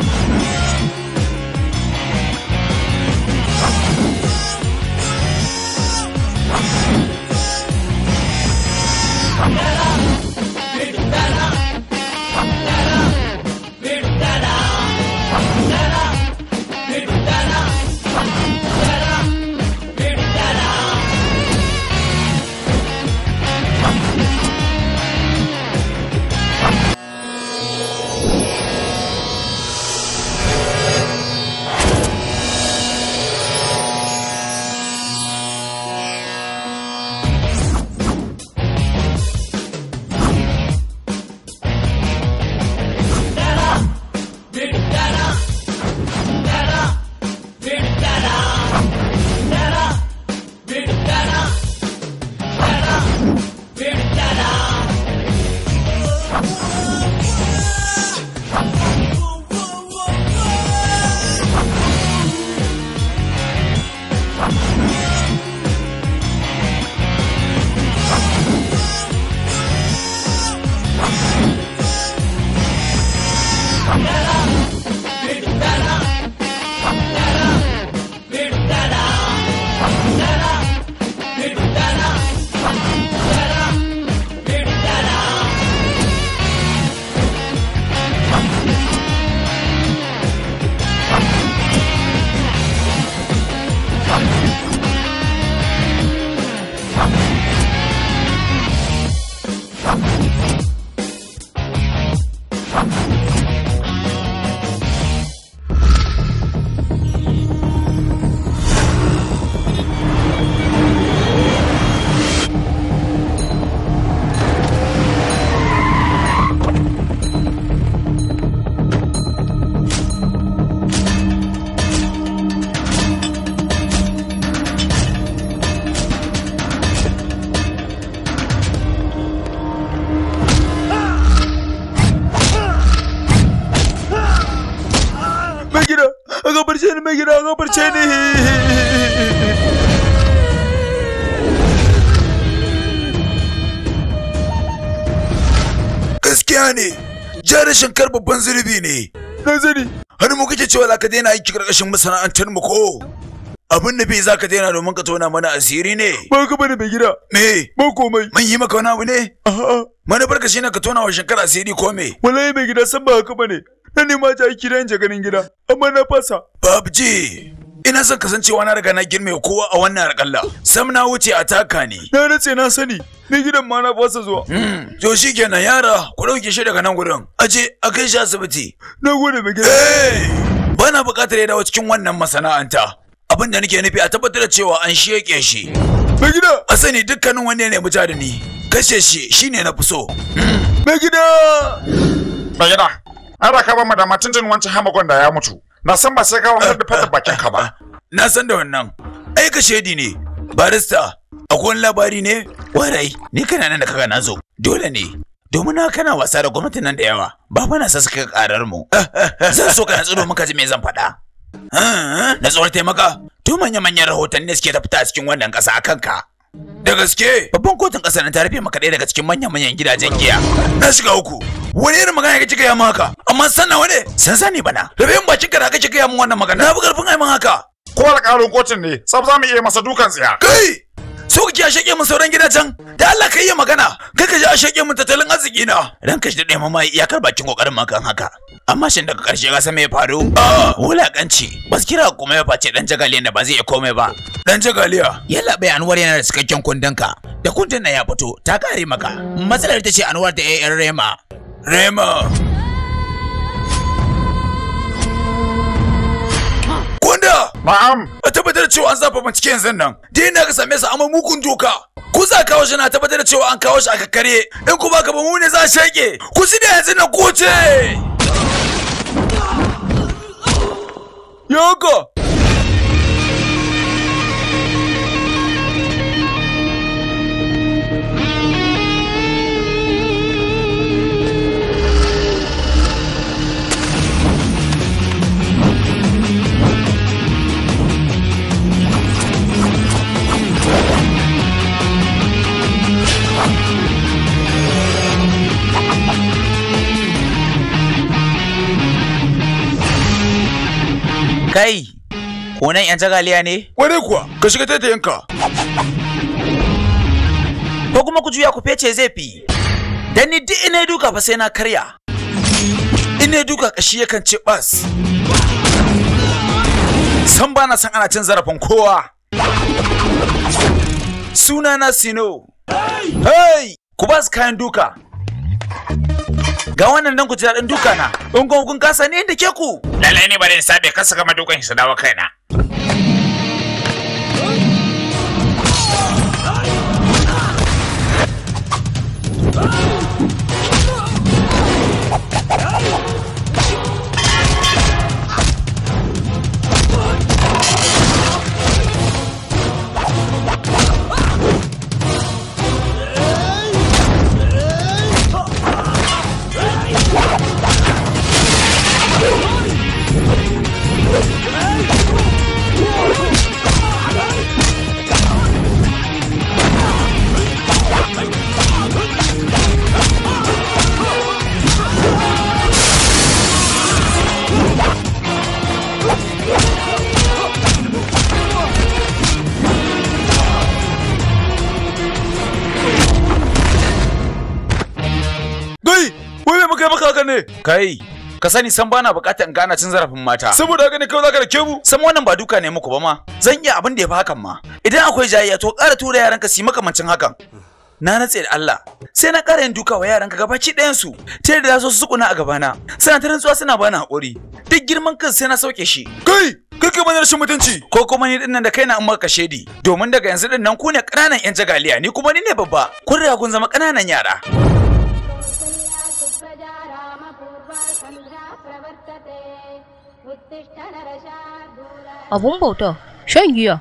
Yeah. ceni gaskiya ne jarin shinkar babban zurbi ne na zani mu kake cewa ka daina aiki karkashin masana'antar mu ko abin da bai za ka daina domin ka tona mana asiri ne ba ka bani mai gida me ba komai mun yi maka wani abu ne a'a manufar ka shine ka tona wa shinkar asiri ko me wallahi mai gida san ba haka bane na nema ji aiki da ganin gida amma na fasa babji ina son kasancewa na riga na girme kowa a wannan alƙalla sam na wuce a taka ne na nace na sani ni gidan ma na fasa zuwa hmm, to shi kenan yara ku dauke shi daga nan gurin aje a kai shi asibiti na gode mai gida eh, bana buƙatar ya dawo cikin wannan masana'anta abin da nake nufi a tabbatar da cewa an sheke shi mai gida a sani dukkanin wanne ne mutu da ni kashe shi shine na fi so hmm. mai gida mai gida an raka ba mu da matintin wancan hamagon da ya mutu na san ba sai ka wahalar da fata bakin ka ba na san da wannan ai ka shedi ne barista akwai labari ne warai ni kana nan da kaga na zo dole ne domin na kana wasa da gwamnati nan da yawa ba fa na sa suka karar mu zan so ka na tsiro muka ji me zan faɗa ah, ah, na tsoron taimaka to manya-manyan rahotanni ne suke ta fita a cikin wannan ƙasa a ka. Da gaske? Babban kotun kasa na tarife rufe maka ɗaya daga cikin manyan-manyan gidajen giya. Na shiga uku. Wani irin magana kake gaya mu haka? Amma sannan wani, San sani bana. Rufe yin bakin ka kake gaya mun wannan magana. Na fi ƙarfin mun haka. Ko alƙalin kotun ne, tsaf za mu iya masa dukan tsiya. Kai! so kike a shake min sauran gidajen da Allah ka yi magana kai ka ji a shake mun tattalin arziki na Dan ka shi dade mama iyakar bakin kokarin makan haka amma shin daga karshe ga san me ya faru ah wulakanci bas kira kuma ya face dan jagaliyan da ba zai iya komai ba dan jagaliya yalla bai anwar yana da cikakken ka da kundin na ya fito ta kare maka matsalar ta ce anwar da yayan rema rema Ma'am! A tabbatar cewa an zafa binciken yanzu nan. Dai ina ga same su amma mukun doka. Ku za kawo shi na tabbatar cewa an kawo shi a kakkare. In ku baka ba mu ne za a shaƙe. Ku shi da yanzu na kuce! Yoko! Kai, konan 'yan jagaliya ne? Wane kuwa, ka shiga yanka? Ko kuma ku juya ku fece zai fi. Dan ni duk ina duka fa sai na karya. Ina duka kashi yakan ce bas. San ba na san ana cin zarafin kowa. Sunana Sino. Hey! Ku ba su kayan duka. Ga wannan nan ku ji daɗin dukana, na. In kun kasa ne da ke ku. Lallai ne bari in sabe kasa gama dukan shi dawo kaina. ne kai ka sani san bana bukatar in gana cin zarafin mata saboda haka ne kawai zaka rake mu san wannan ba duka ne muku ba ma zan iya abin da ya fi hakan ma idan akwai jayayya to ƙara tura yaranka su yi makamancin hakan na natse da Allah sai na ƙara yin duka wa yaran ka gabaci ɗayan su ta yadda za su sukuna a gabana suna ta rantsuwa suna bani haƙuri duk girman kan sai na sauke shi kai kai mana rashin mutunci ko kuma ni dinnan da kai na amma maka shedi domin daga yanzu dinnan ku ne ƙananan 'yan jagaliya ni kuma ni ne babba kun riga kun zama kananan yara Abun bauta, shan giya,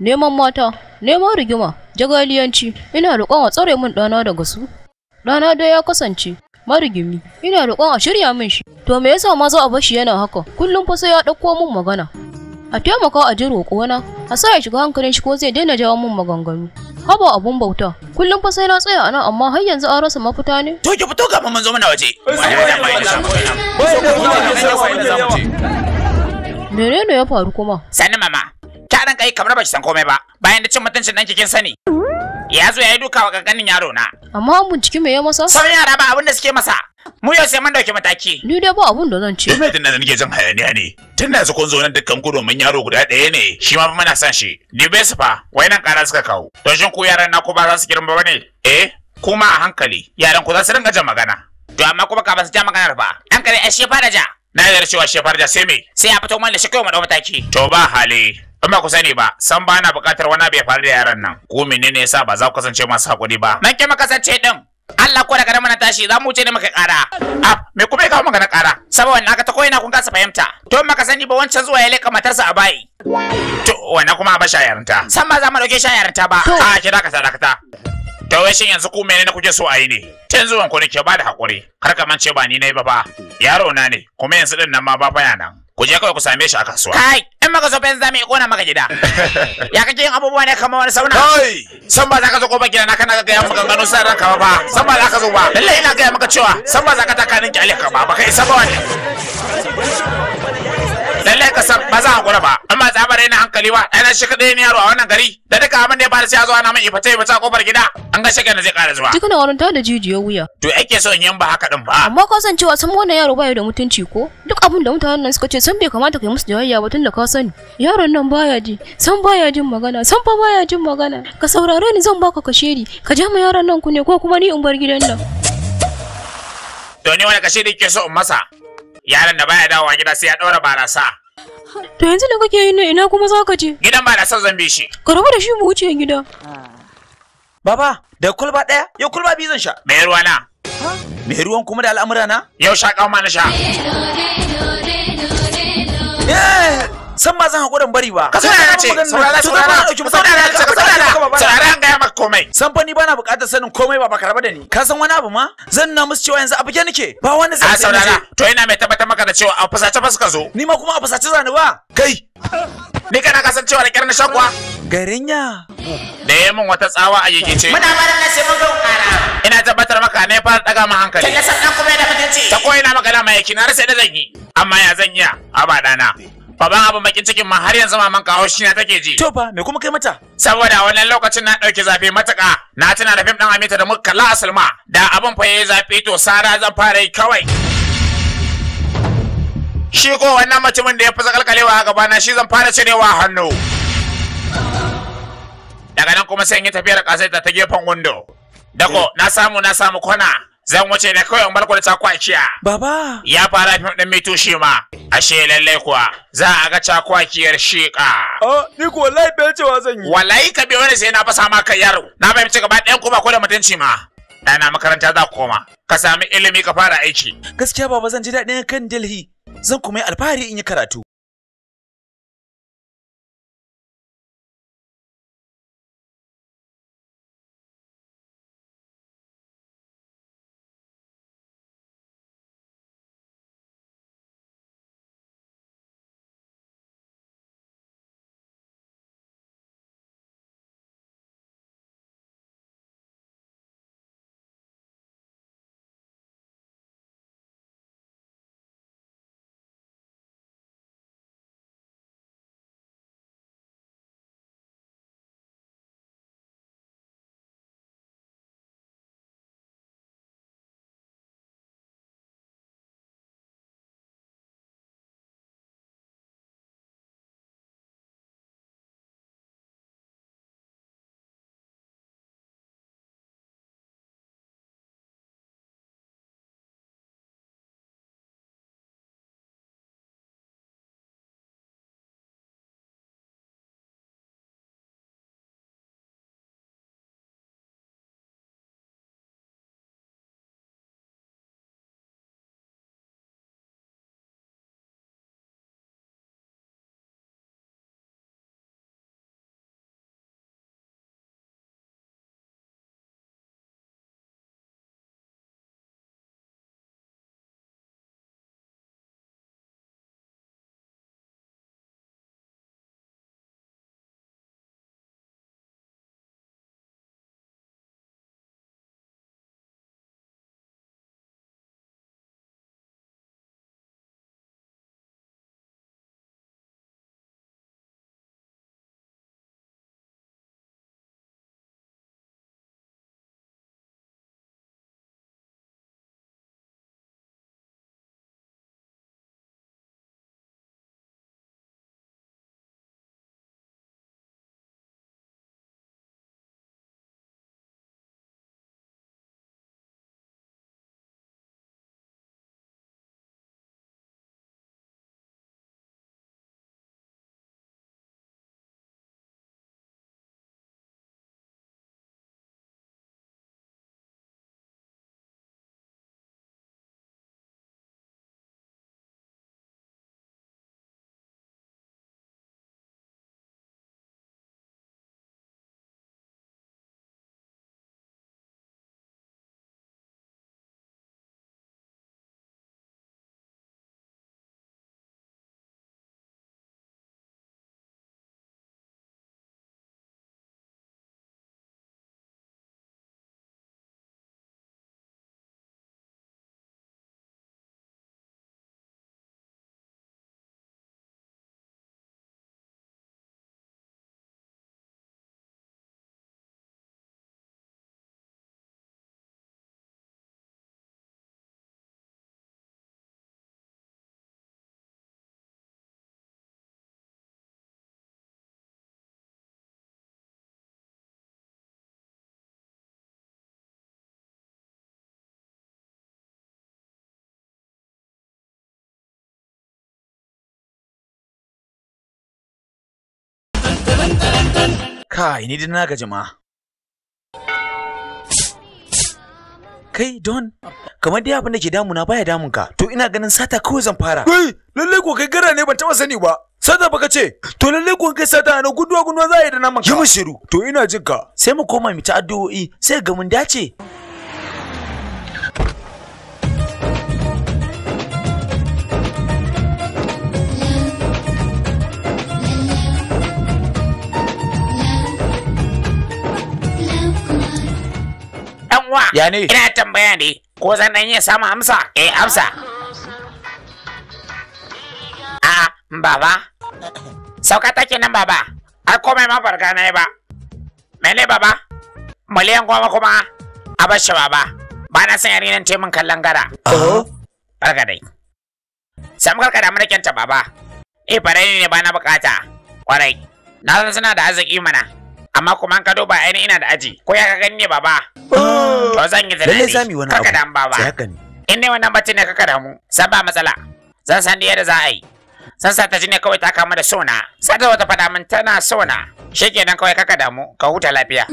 neman mata, neman rigima, jagaliyanci, ina roƙon a tsare min ɗana daga su. Ɗana dai ya kasance marigimi, ina roƙon a shirya min shi. To me yasa ma za a bashi yana haka? Kullum fa sai ya ɗauko min magana. a taimaka a ji roƙona a sa ya shiga hankalin shi ko zai daina jawo min maganganu haba abun bauta kullum fa sai na tsaya anan amma har yanzu an rasa mafita ne to ki fito kafin mun zo mana waje menene ya faru kuma sani mama ta ran kai kamar ba ki san komai ba bayan da cin mutuncin nan kin sani Ya zo ya yi duka wa kankanin yaro na. Amma an bincike me ya masa? yara ba abin da suke masa. Mu yau sai mun dauki mataki. Ni dai ba abin da zan ce. Kuma tunda nake jin hayaniya ne. Tun da su kun zo nan dukkan ku domin yaro guda ɗaya ne. Shi ma muna son shi. Ni bai su fa. Wai nan ƙara suka kawo. To shin ku yaran na ku ba za su girma ba ne? Eh, kuma a hankali. Yaran ku za su ringa jan magana. To amma kuma ka ba su ja maganar ba. Hankali ashe fara ja. na yarda cewa shefar da sai me sai a fito da shi kai mu dau mataki to ba hali in ba ku sani ba san ba na buƙatar wani abu ya faru da yaran nan ko menene yasa ba za ku kasance masu hakuri ba ke maka sace din Allah ko daga mana tashi za mu wuce ne maka ƙara. Ah, me kuma ya kawo maka na ƙara? Saboda wannan aka ta na kun kasa fahimta. To maka sani ba wancan zuwa ya leka matarsa a bayi. To wannan kuma ba shayaranta. San ba za mu dauke shayaranta ba. Ah, ki kira ka sadakata. ta wai shin yanzu ku menene kuke so a yi ne tun zuwan ku ke ba da hakuri kar ka ce ba ni nayi ba ba. yaro na ne kuma yanzu din nan ma ba baya nan ku je kawai ku same shi a kasuwa kai in maka so fa yanzu zamu iya maka gida ya kake yin abubuwa ne kamar wani sauna kai san ba za ka zo ko ba gida na kana ga ya maka gano sai ranka ba san ba za ka zo ba lalle ina ga maka cewa san ba za ka taka ninki alika ba ba kai isa ba lalle ka san ba za a gura ba amma za ba raina hankali ba ɗana shi kaɗai ne yaro a wannan gari da duka abin da ya faru sai zuwa zo ana min ifata ifata kofar gida an ga shagar da zai ƙara zuwa duk na warin da jijiyo wuya to ake so in yan ba haka din ba amma ko san cewa sun wannan yaro baya da mutunci ko duk abin da mutanen nan suka ce san bai kamata kai musu jayayya ba tun da ka sani yaron nan baya ji san baya jin magana san fa baya jin magana ka saurare ni zan baka kashedi ka ja ma yaron nan ku ne ko kuma ni in bar gidan nan to ni wani kashedi ke so in masa Yaron da baya dawowa gida sai ya ɗora barasa. To yanzu da kake yi ne ina kuma za ka je? Gidan barasa zan bi shi. Ka rabu da shi mu wuce gida. Baba, da kulba ɗaya, yau kulba biyu zan sha. Me ruwa na? Me ruwan kuma da al'amura na? Yau sha ƙauma na sha. Eh! san ba zan hakurin bari ba ka saurara ce saurara saurara saurara saurara saurara ga maka komai san fa ni bana buƙatar sanin komai ba baka raba da ni ka san wani abu ma zan na musu cewa yanzu a fike nake ba wani zai ah, saurara to ina mai tabbatar maka da cewa a fasace fa suka zo ni ma kuma a fasace zani ba kai ni kana kasancewa da kirna shakwa garin garinya da ya min wata tsawa a yake ce muna bara na sai mun ga kara ina tabbatar maka ne fara daga mu hankali kalla san dan kuma da mutunci ta koyi na magana mai yake na rasa da zan yi amma ya zan yi a ba dana Baban abin bakin cikin ma har yanzu maman kawo shi na take ji. To ba, me kuma kai mata? Saboda wannan lokacin na ɗauki zafi matuƙa. Na tuna da fim ɗin Amita da muka kalla Asalma. Da abin fa yayi zafi to Sara zan fara yi kawai. Shi ko wannan mutumin da ya fi zakalkalewa a gabana shi zan fara cirewa hannu. Daga nan kuma sai in yi tafiyar ƙasaita ta gefen windo. Dako na samu na samu kwana. zan wuce ne kawai in barku da kwakiya Baba. Ya fara fim ɗin mai tushe ma. Ashe lallai kuwa za a ga cakwakiyar shiƙa. Oh, ni ko wallahi bai cewa zan yi. Wallahi ka bi wani sai na fasa maka yaro. Na fahimci gaba ɗayan kuma ko da mutunci ma. Ɗana makaranta za ku koma. Ka sami ilimi ka fara aiki. Gaskiya baba zan ji daɗin kan Delhi. Zan kuma yi alfahari in yi karatu. Kai, ni din na jama'a. Kai, Don, kamar dai abin da ke damuna baya damun ka, to ina ganin sata kawai zan fara. Kai, lalle ko kai gara ne ban taba sani ba. Sata baka ce, to lalle ko kai sata na guduwa guduwa za a yi da naman ka. Yi shiru, to ina jin ka. Sai mu koma mu ta addu'o'i, sai ga mun dace. uwa ya ne ina tambaya ne ko zan iya samu amsa eh amsa a baba sauka take nan baba ai komai ma farka na ba mene baba miliyan goma kuma a bashi baba ba na san te kallon gara barka dai sam karka da baba eh fara ne ba na bukata kwarai na san suna da arziki mana amma kuma an ka duba ainihin ina da aji ko ya ka gani ne baba to oh! zan yi tunani kaka damu baba in dai wannan bacci ne kaka damu san ba matsala zan san yadda za a yi san sa ta ji ne kawai ta kama da sona sata wata faɗa min tana sona shikenan kawai kaka damu ka huta lafiya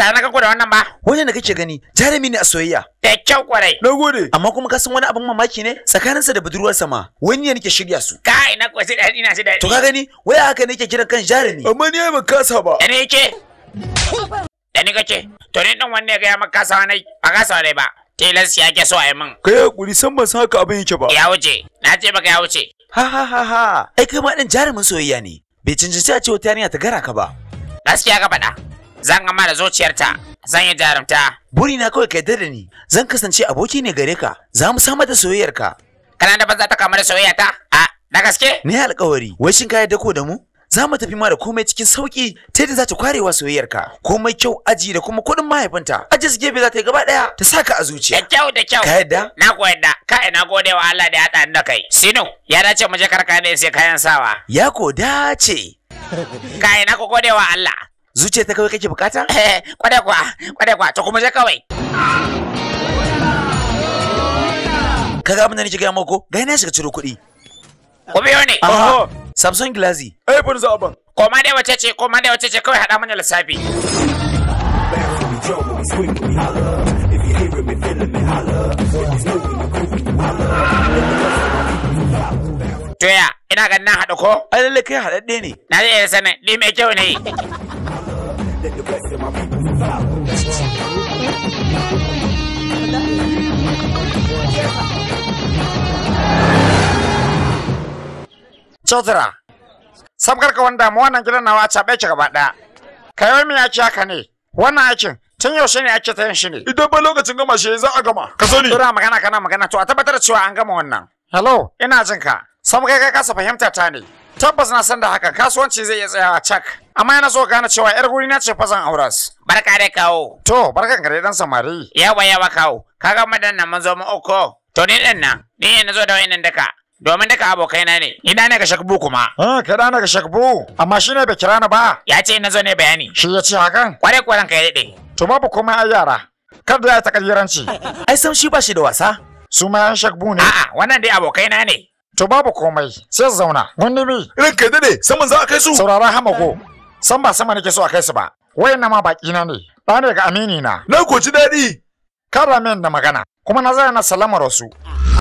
tare na kanku da wannan ba wannan da kake gani jarumi ne a soyayya da kyau kwarai na gode amma kuma ka san wani abin mamaki ne tsakaninsa da budurwarsa ma wani ne nake shirya su ka ina ko sai da ina sai da to ka gani waya haka nake kiran kan jarumi amma ni ai ban kasa ba ne yake da ni kake to ne dan wanne ga ya maka kasa wani ba kasa wani ba tilas ya ke so a yi min kai hakuri san ban san haka abin yake ba ya wuce na ce baka ya wuce ha ha ha ha ai kai ma dan jarumin soyayya ne bai cancanci a ce wata yarinya ta gara ka ba gaskiya ka faɗa zan gama da zuciyarta zan yi jarumta burina kawai ka yarda da ni zan kasance aboki ne gare ka za mu samar da soyayyarka kana da banza ta kama da soyayyata a na gaske ni alƙawari wai shin ka yarda ko da mu za mu tafi ma da komai cikin sauki ta yadda za ta kwarewa soyayyarka komai kyau aji da kuma kuɗin mahaifinta aji su gefe za ta yi gaba ɗaya ta saka a zuciya da kyau da kyau ka yadda na ko yarda. kai na gode Allah da ya haɗa da kai sino ya dace mu je ne sai kayan sawa ya ko dace kai na ko gode Allah zuciya ta kawai kake bukata eh, kwada kwa kwada kwa to kuma je kawai kaga abin da nake gaya mako ga yana shiga ciro kuɗi ku biyo ne samson glazi eh bin zaban koma dai wace ce koma dai wace ce kawai hada mana lissafi Toya, ina ganin na haɗu ko? Ai lallai kai haɗaɗɗe ne. Na zai iya sanin, ni mai kyau ne. that the rest of my people follow. Chotra, sabgar ka wanda mu wannan gidan nawa caɓe ki gaba ɗaya. Kai wai ya ci haka ne? Wannan aikin tun yaushe ne ake ta yin shi ne? Idan ba lokacin gama shi za a gama. Ka sani. Tura magana kana magana to a tabbatar cewa an gama wannan. Hello, ina jin ka. Sabgar ka kasa fahimta ta ne. tabbas na san da haka kasuwanci zai iya a cak amma yana so gane cewa yar guri na ce fa zan auras barka da kawo to barkan ka dai dan samari yawa yawa kawo kaga madan nan mun zo mu uku to ni din nan ni ne na zo da wayannan daka domin daka abokaina ne ina dana ga shakbu kuma ah ka dana na ga shakbu amma shi ne bai kira ni ba ya ce na zo ne bayani shi ya ce hakan kware kwaran ka yi dade to babu komai ai yara kar da ya ta kalliranci ai sam shi ba shi da wasa su ma shakbu ne a'a wannan dai abokaina ne To babu komai, sai su zauna. irin ka dade, saman za a kai su. Saurara hamago. San ba sama nake so a kai su ba. Wayannan ma baki na ne. Ba ne ga amini na. Na ci daɗi. Kara min da magana. Kuma na zana salamar wasu.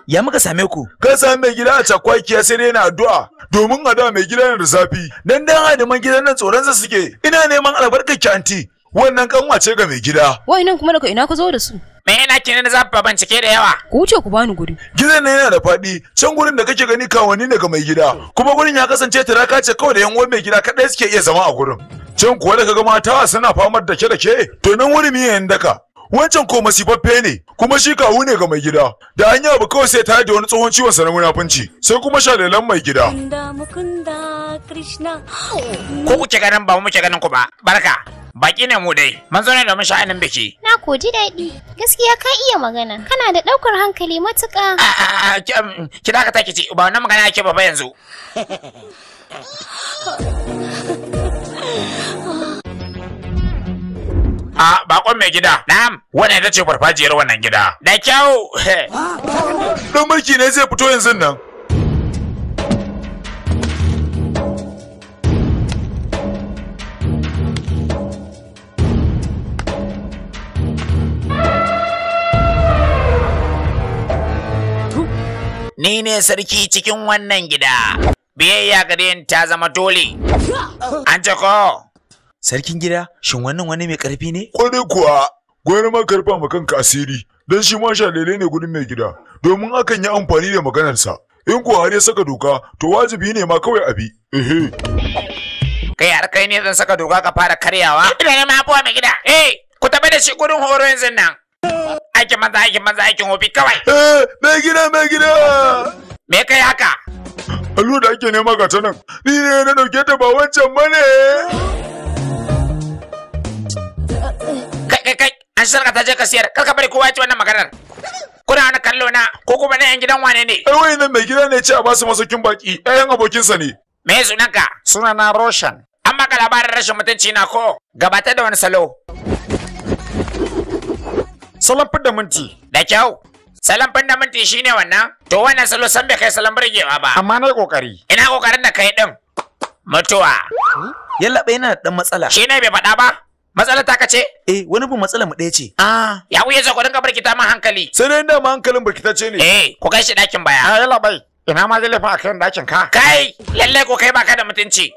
Ya muka same ku? Ka sami mai gida a cakwakiya sai dai na addu'a. Domin a mai gida na da zafi. Dan dan hadiman gidan nan tsoron sa suke. Ina neman albarkar ki anti. wannan kanwa ce ga mai gida wai nan kuma daga ina ka zo da su me yana kenan na zafi baban cike da yawa ku wuce ku bani guri gidan nan yana da faɗi can gurin da kake gani kawani ne ga mai gida kuma gurin ya kasance tiraka ce kawai da yan uwan mai gida kadai suke iya zama a gurin can kuwa da kaga mata suna famar da ke da ke to nan wuri mi yayin daka wancan ko masifaffe ne kuma shi kawu ne ga mai gida da an abu kawai sai ta da wani tsohon ciwon sa na munafunci sai kuma shalelan mai gida ko kuke ganin ba mu muke ganin ku ba barka Baki ne mu dai, mun zo ne domin sha'anin biki. Na koji daɗi, gaskiya ka iya magana, kana da ɗaukar hankali matuƙa. Ki da ka take ce, ba wannan magana ake ba yanzu. A bakon mai gida. Na'am. Wani ya ce farfajiyar wannan gida. Da kyau. Dan mulki ne zai fito yanzu nan. ni ne sarki cikin wannan gida. Biyayya gare ta zama dole. An ce ko? Sarkin gida, shin wannan wani mai ƙarfi ne? Kwarai kuwa, gwani ma karfa ma kanka asiri, don shi ma shalele ne gudun mai gida, domin akan yi amfani da maganarsa. In kuwa har ya saka doka, to wajibi ne ma kawai abi. Ehe. Kai har kai ne zan saka doka ka fara karyawa? Ina ne ma abuwa mai gida. Eh, ku taɓa da shi gudun horo yanzu nan. aikin maza aikin maza aikin hobi kawai. Eh, mai gida mai gida. Me kai haka? Allo da ake nema ga ta nan. Ni ne na dauke ta ba wancan ba ne. Kai kai kai, an sarka ta je ka siyar. Kar ka bari kowa ya ci wannan maganar. Kuna wani kallo na ko kuma na yan gidan wane ne? Ai wani nan mai gida ne ce a basu masaukin baki. Ɗayan abokinsa ne. Me sunanka? Sunana Roshan. An maka labarin rashin mutunci na ko? Gabata da wani salo. salon da minti da kyau salon da minti ne wannan to wannan salo san bai kai salon burgewa ba amma na kokari ina kokarin da kai din mutuwa Ya bai yana dan matsala shine bai faɗa ba Matsalar ta kace? Eh, wani bin matsala mu ɗaya ce. Ah, ya wuya zo ku dinga birkita man hankali. Sai dai da man hankalin birkitacce ne. Eh, ku kai shi ɗakin baya. Ah, ya bai. Ina ma zai lafa akan ɗakin ka. Kai, lalle ko kai baka da mutunci.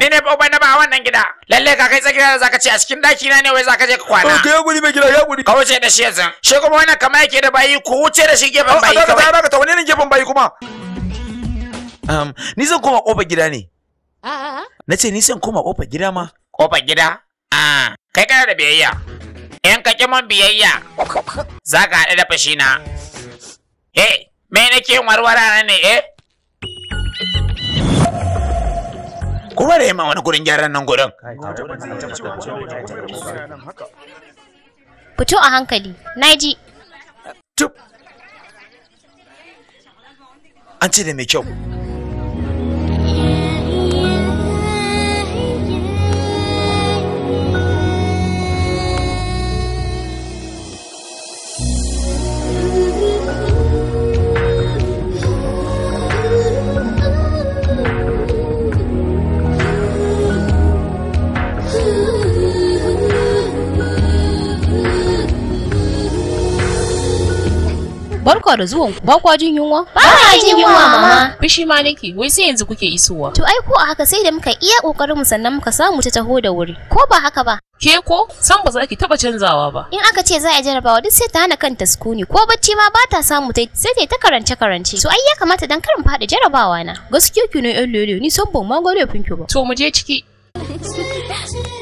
ni ne ba na ba wannan gida lalle ka kai da zaka ce a cikin daki na ne wai zaka je ka kwana to ya guri mai gida ya guri ka wuce da shi yanzu shi kuma wannan kama yake da bayi ku wuce da shi gefen bayi kawai ka ka ta wani ne gefen bayi kuma um ni zan koma kofar gida ne na ce ni zan koma kofar gida ma kofar gida ah kai kana da biyayya yan ka kiman biyayya zaka haɗu da fashina eh me nake warwara ne eh ko ba da yamma wani gurin gyaran nan gurin fito a hankali Tup! an ce da mai kyau Barka da zuwan ku. Ba kwa jin yunwa? Ba kwa jin yunwa mama. Bishi ma nake, wai sai yanzu kuke isowa. To ai ko a haka sai da muka iya kokarin mu sannan muka samu ta taho da wuri. Ko ba haka ba? Ke ko san ba za ki taba canzawa ba. In aka ce za a jarabawa duk sai ta hana kanta sukuni ko bacci ma ba ta samu ta sai ta karance karance. To ai ya kamata dan karin fadi jarabawa na. Gaskiya ki ne yan lele ni san ban ma gare ba. To mu je ciki.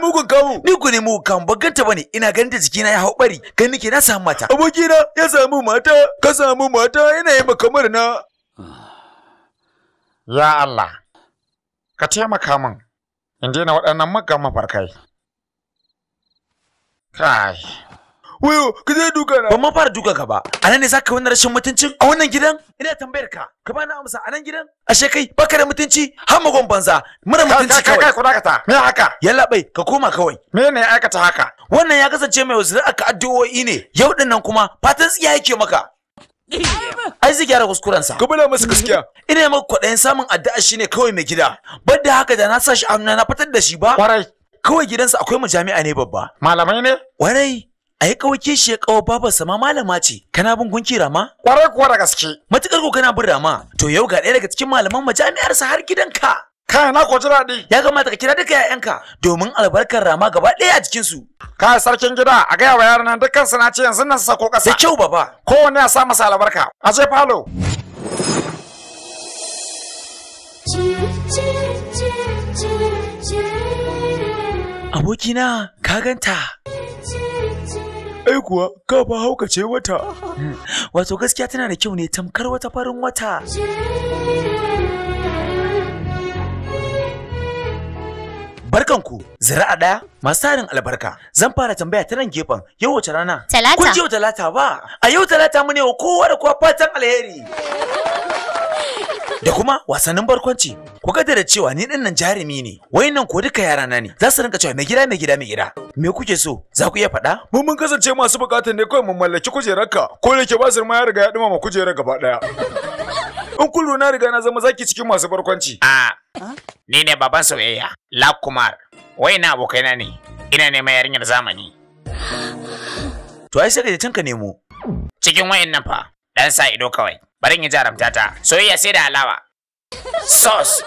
mugun kamu ni ku ne mugun kamu ba ganta bane ina ganin da jikina ya hau bari gani nake na samu mata abokina ya samu mata ka samu mata yana yi kamar na ya Allah ka taimaka min in daina waɗannan magan mafarkai kai wayo ka zai duka na ban ma fara duka ka ba a nan ne za ka wani rashin mutuncin a wannan gidan ina tambayar ka ka bani amsa a nan gidan ashe kai baka da mutunci har magon banza mura mutunci kawai kai kuna ta. me haka yalla bai ka koma kawai me ne aikata haka wannan ya kasance mai wasu aka addu'o'i ne yau din nan kuma fatan tsiya yake maka Ai zai gyara kuskurensa. Ka bula masa gaskiya. Ina maka kwaɗayin samun addu'a shine kawai mai gida. Bar da haka da na sa shi amna na fitar da shi ba. Kwarai. Kawai gidansa akwai jami'a ne babba. Malamai ne? Kwarai. ai ke shi ya kawo sa ma malama ce kana bin gunki rama kwarai kuwa da gaske matukar ko kana bin rama to yau ga ɗaya daga cikin malaman sa har gidanka Ka na kwaji daɗi. Ya kamata ka kira duka ‘ya'yanka domin albarkar rama gaba ɗaya a cikin su ka sarkin gida a gaya wa yaran nan dukkansu na ce yanzu nan sako ƙasa. Da kyau baba. Kowanne ya sa masa albarka. A je falo. Abokina ka ganta. ai kuwa ka fa haukace wata wato gaskiya tana da kyau ne tamkar wata farin wata Barkanku, zira'a ɗaya masu tarin albarka. Zan fara tambaya ta nan gefen yau wace rana? Talata. Kun ji yau talata ba? A yau talata mu ne wa kowa da kowa fatan alheri. da kuma wasannin barkwanci ku gada da cewa ni nan jarumi ne nan ko duka yara na ne za su rinka cewa mai gida mai gida mai gida me kuke so za ku iya faɗa mun mun kasance masu bukatar ne kawai mu mallaki kujerarka ko da ke ba su ya riga ya dumama kujerar gaba ɗaya. in kullu na riga na zama zaki cikin masu barkwanci a ni ne baban soyayya lakumar wai na abokaina ne ina neman yarinyar zamani to ai sai ka nemo cikin nan fa dan sa ido kawai bari in yi jaramta ta soyayya sai da alawa sos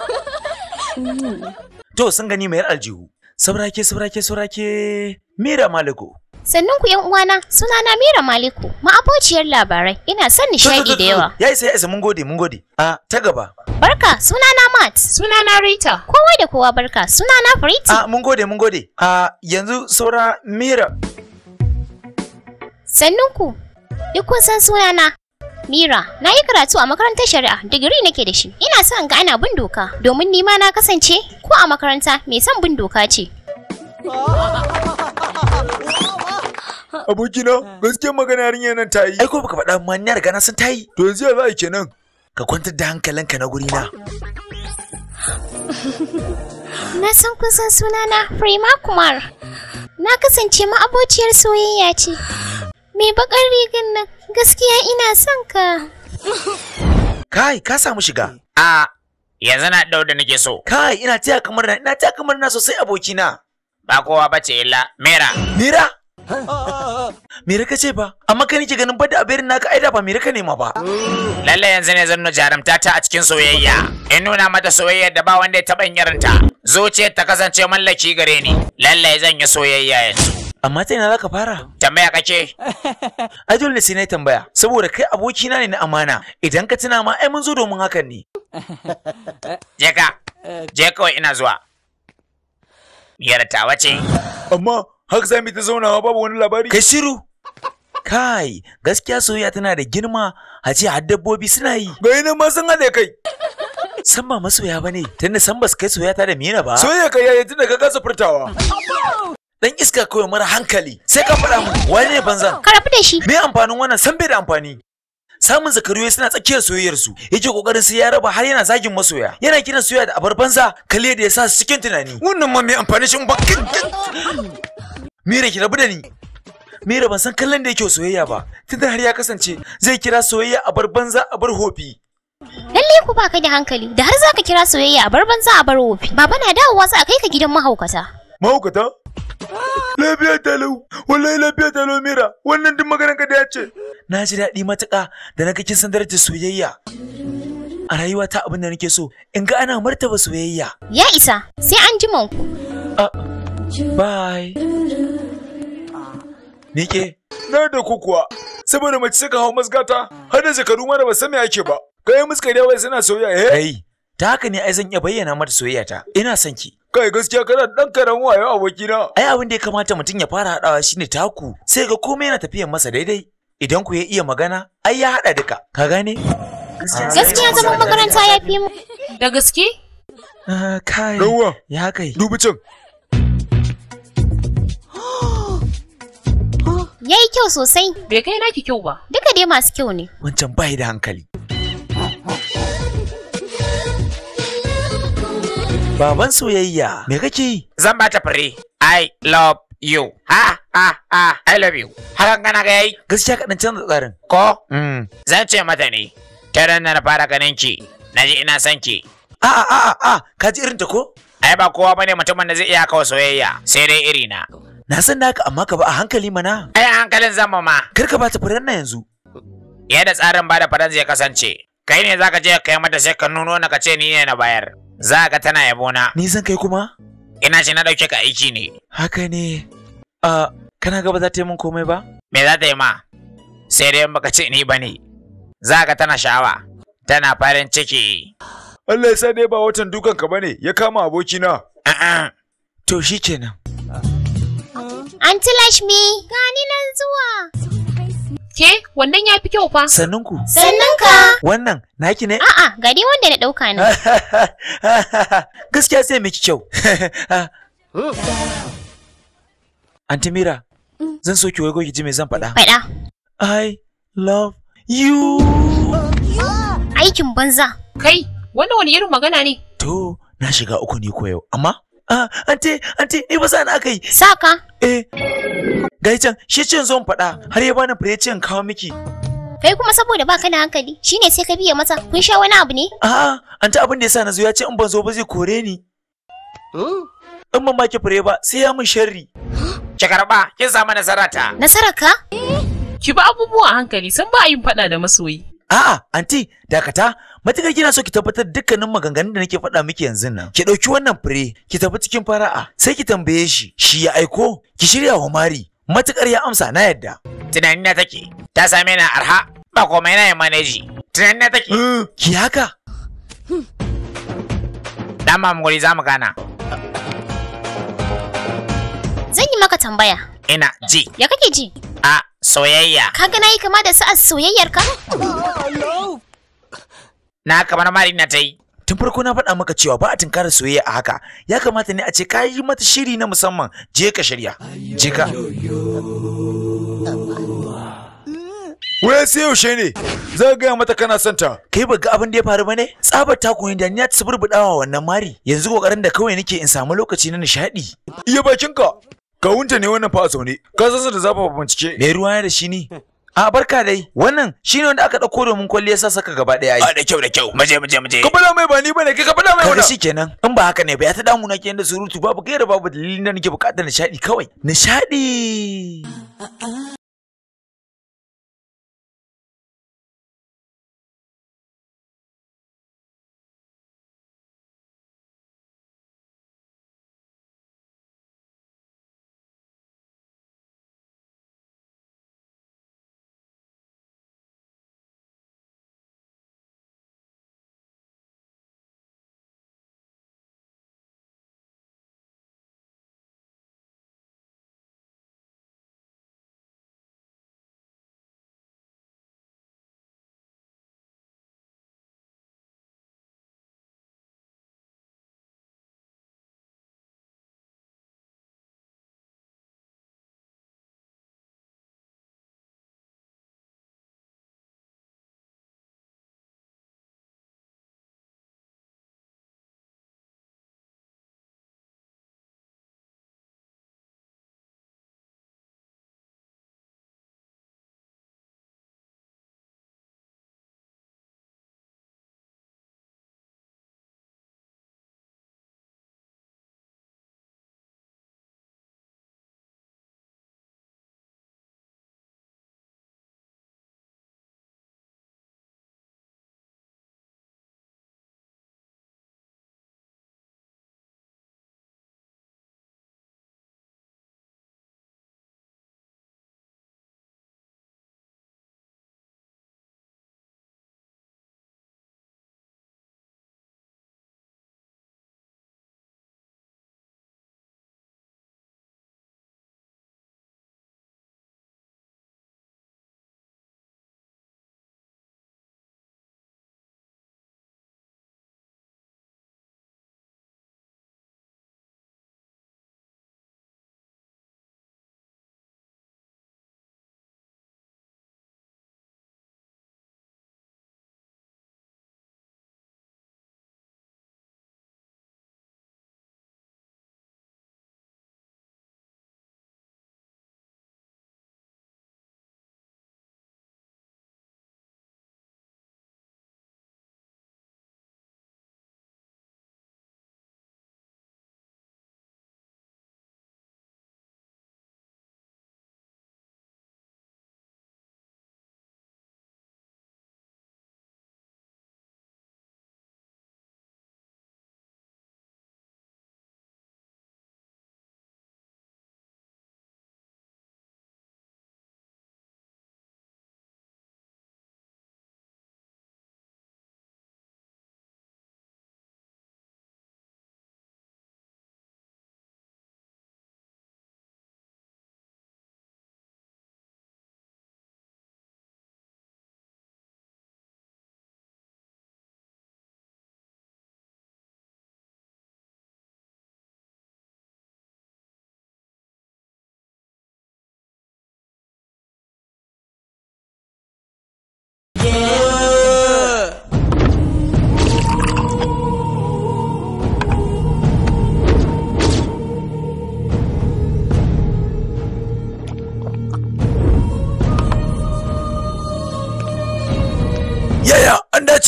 to sun gani mai aljihu saurake saurake saurake mira maliko sannan ku yan uwana suna na mira Maliko, ma'abociyar labarai ina son nishadi da yawa ya isa ya isa mun gode mun gode a ah, ta gaba Barka, sunana Matt. na Rita. Kowa da kowa barka, suna na Pretty. Ah, mun gode, mun gode. Ah, yanzu saura Mira. Sannunku, duk kun san sunana. Mira, na yi karatu a makarantar shari'a, digiri nake da shi. Ina son ga ana bin doka, domin ni ma na kasance ko a makaranta mai son bin doka ce. Abokina, gaskiyar magana yarinyar nan ta yi. Ai ko baka faɗa ma ni riga na san ta yi. To yanzu ya za a kenan. ka kwantar da hankalinka na guri na na san kun san sunana Prima Kumar na kasance ma'abociyar soyayya ce me bakar rigan nan gaskiya ina son ka kai ka samu shiga a yanzu na dau da nake so kai ina taya kamar na ina taya kamar na sosai abokina ba kowa bace illa mera mera me raka ce ba amma ka nake ganin bada abin naka aida ba me raka nema ba lalle yanzu ne zan zanno jarumta ta a cikin soyayya in nuna mata soyayya da ba wanda ya taba yin ta zuciyar ta kasance mallaki gare ni lalle zan yi soyayya yanzu amma ta ina za ka fara tambaya kake ai dole sai na tambaya saboda kai abokina ne na amana idan ka tuna ma ai mun zo domin hakan ne je ka je kawai ina zuwa yartawa ce amma Haka za mu ta wa babu wani labari? Kai shiru. Kai, gaskiya soyayya tana da girma, haji har dabbobi suna yi. Ga nan ma sun haɗe kai. San ba masoya ba ne, tunda san ba su kai soyayya ta da mina ba. Soyayya kai yaya tunda ka gasa furtawa. Dan iska kawai mara hankali, sai ka faɗa mu wani ne banza. Karafi da shi. Me amfanin wannan san bai da amfani. samun zakariyoyi suna tsakiyar soyayyarsu yake kokarin sai ya raba har yana zagin masoya yana kiran soyayya da abar banza kalle da ya sa su cikin tunani wannan ma mai amfani shi ba Mira ki rabu da ni. Mira ban san kallon da yake soyayya ba. Tunda har ya kasance zai kira soyayya a bar banza a bar hofi. Lalle ku ba kai da hankali da har zaka kira soyayya a bar banza a bar hofi. Baba na dawowa sai a kai ka gidan mahaukata. Mahaukata? Lafiya lau, wallahi lafiya lau Mira, wannan duk maganar ka da ya ce. Na ji daɗi matuƙa da na ga kin san darajar soyayya. a rayuwa ta abin da nake so in ga ana martaba soyayya. Ya isa sai an ji manku. Bye. ke. na da ku kuwa, saboda mace suka hau masgata, har da zakaru mara ba san me ake ba. Kai muska da wai suna soyayya eh? Kai, ta haka ne ai zan iya bayyana mata soyayya ta. Ina son ki. Kai gaskiya kana dan karan wayo abokina. Ai abin da ya kamata mutum ya fara hadawa shine taku, sai ga komai yana tafiyan masa daidai. Idan ku ya iya magana, ai ya hada duka. Ka gane? Gaskiya ah. zaman makaranta ya fi mu. Da gaske? Ah, kai. Yawwa. Ya kai. Dubi can. Ya yi kyau sosai. Bai kai naki kyau ba. Duka dai masu kyau ne. Wancan bai da hankali. Baban soyayya, me kake yi? Zan bata fure. I love you. Ha ha ha, I love you. Hakan kana ga yayi? Gaskiya kaɗan canza tsarin. Ko? Mm. Zan ce mata ne. Taran na fara ganin ki. Na ji ina son ki. A a a a, ka irin ta ko? Ai ba kowa bane mutumin da zai iya kawo soyayya, sai dai irina. na san naka amma ka ba a hankali mana ai hankalin zama ma kar ka bata furen nan yanzu yadda tsarin bada furen zai kasance kai ne zaka je ka kai mata sai ka nuno na ka ce ni ne na bayar za ka tana yabo na ni zan kai kuma ina ce na dauke ka aiki ne haka ne a kana ga ba za ta yi min komai ba me za ta yi ma sai dai baka ce ni bane za ka tana sha'awa tana farin ciki Allah ya sa dai ba watan dukan ka bane ya kama abokina a'a to shikenan Anti Lashmi, gani nan zuwa. Ke, wannan ya fi kyau fa. Sannan ku. Sannan ka. Wannan, naki ne? A'a, gari wanda na ɗauka ne. Gaskiya sai miki kyau. Anti Mira, mm. zan so ki waigo ki ji me zan faɗa. Faɗa. I love you. Aikin banza. Kai, wannan wani irin magana ne? To, na shiga uku ne ko yau, amma ante ante ni ba na aka yi saka eh gai can shi ce zon faɗa har ya bani fure ce kawo miki kai kuma saboda baka na hankali shine sai ka biya masa kun sha wani abu ne a'a anta abin da yasa na zo ya ce in ban zo ba zai kore ni in ban baki fure ba sai ya mun sharri ki karba kin samu nasara ta nasara ka ki ba abubuwa hankali san ba yin faɗa da masoyi a'a anti dakata matukar kina so ki tabbatar dukkanin maganganun da nake faɗa miki yanzu nan ki ɗauki wannan fure ki tafi cikin fara'a sai ki tambaye shi shi ya aiko ki shirya wa mari matukar ya amsa na yadda tunanin na take ta same na arha ba komai na ya maneji tunani na take ki haka dan mamuri za mu gana zan yi maka tambaya ina ji ya kake ji a soyayya kaga nayi kama da sa'a soyayyar ka oh, na kamar marina ta yi tun farko na faɗa maka cewa ba a tunkarar soyayya a haka ya kamata ne a ce ka yi mata shiri na musamman je ka shirya je ka wai sai yaushe ne za ka gaya mata kana son ta kai ba ga abin da ya faru ba ne tsabar ta koyi da ya ta burbudawa wannan mari yanzu kokarin da kawai nake in samu lokaci na nishadi iya bakin ka kawunta ne wannan fa a zaune ka san da zafafa bincike me ruwa da shi ne a barka dai wannan shine wanda aka dauko domin kwalliya sa saka gaba daya ai da kyau da kyau maje maje maje ka fada mai ba ni bane kai ka fada mai wannan shi kenan in ba haka ne ba ya ta damu na ke da surutu babu gaira babu dalilin da nake bukatar nishadi kawai nishadi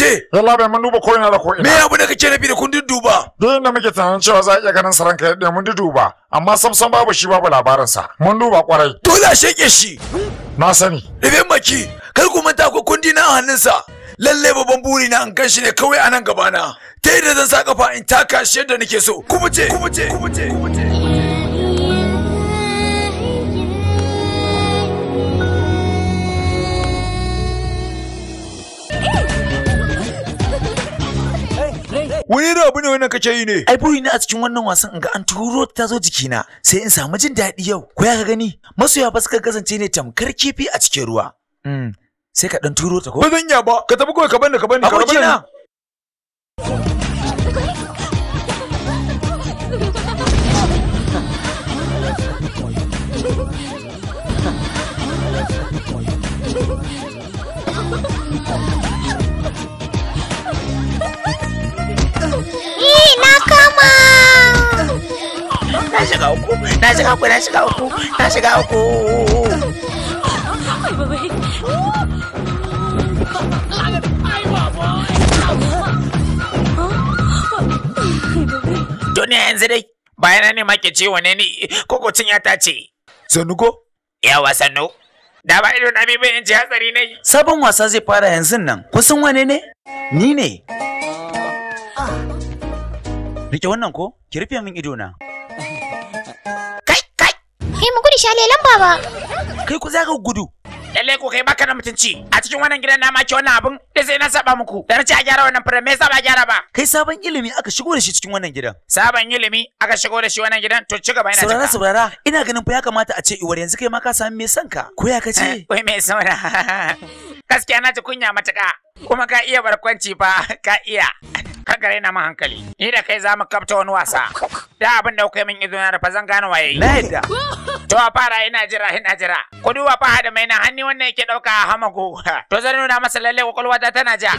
ce yalla bai mun duba ko ina da ko ina me abu da kace bi da kun duba duk da muke tunanin cewa za a iya ganin saranka ranka da mun duba amma samson babu shi babu labarin sa mun duba kwarai dole a sheke shi na sani rubin maki kar ku manta ko kundi na hannun sa lalle babban buri na an kan shi ne kawai a nan na. ta yadda zan sa kafa in taka shi yadda nake so kuma ce kuma ce kuma ce kuma ce irin abu ne wannan kace yi ne ai buri ne a cikin wannan wasan in ga an turo ta zo jikina sai in samu jin daɗi yau ko ya gani masoya ba suka kasance ne tamkar kifi a cikin ruwa mm. sai ka dan turo ta ko ba zan ya ba ka tafi kawai ka bani ka bani ka bani Thank you. na shiga uku na shiga uku na shiga uku na shiga uku duniya yanzu dai bayan ne make ciwo ne ni kokocin ya tace zanugo yawa sannu da ba ido na bibi in ji hatsari ne sabon wasa zai fara yanzu nan kusan wane ne ni ne rike wannan ko ki rufe min ido na kai mu gudu shale baba. kai ku zaka gudu lalle ko kai baka da mutunci a cikin wannan gidan na maki wannan abun da sai na saba muku da na ci a gyara wannan furen me yasa ba gyara ba kai sabon ilimi aka shigo da shi cikin wannan gidan sabon ilimi aka shigo da shi wannan gidan to ci gaba ina saurara saurara ina ganin fa ya kamata a ce iwar yanzu kai ma ka sami me sanka ko ya kace wai me saurara gaskiya na ji kunya matuka, kuma ka iya barkwanci fa ka iya ka gare na mun hankali ni da kai zamu kafta wani wasa da abin da kai min izo na da fa zan gane waye na yadda to a fara ina jira ina jira ku duba fa da mai na hanni wannan yake dauka a hamago to zan nuna masa lalle kwakwalwa ta tana ja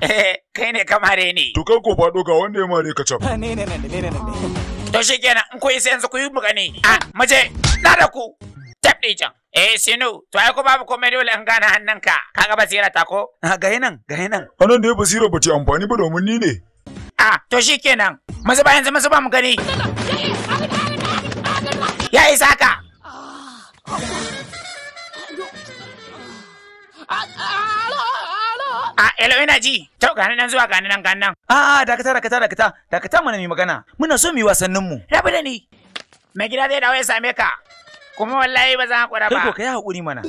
eh, kai ne kamare ne to kan ko faɗo ga wanda ya mare ka can ah, ne ne ne ne ne to shi kenan in ku yi sai yanzu ku yi mu gani a ah, maje na da ku tap ɗin can Eh Sinu, to ai ko babu komai dole in gane hannunka. Kaga basira ta ko? Ah ga nan, ga nan. Anan da ya basira ba ta amfani ba domin ni ne. Ah, to shikenan. Maza bayan zama ba mu gani. Ya isa ka. A ah, elo ina ji. To gani nan zuwa gani nan gani nan. A ah, ah, dakata dakata dakata dakata mana mai magana. Muna so mi wasanninmu. wasannin mu. Rabu da ni. Mai gida zai dawo ya same ka. kuma wallahi ba zan haƙura ba. Kai kai haƙuri mana.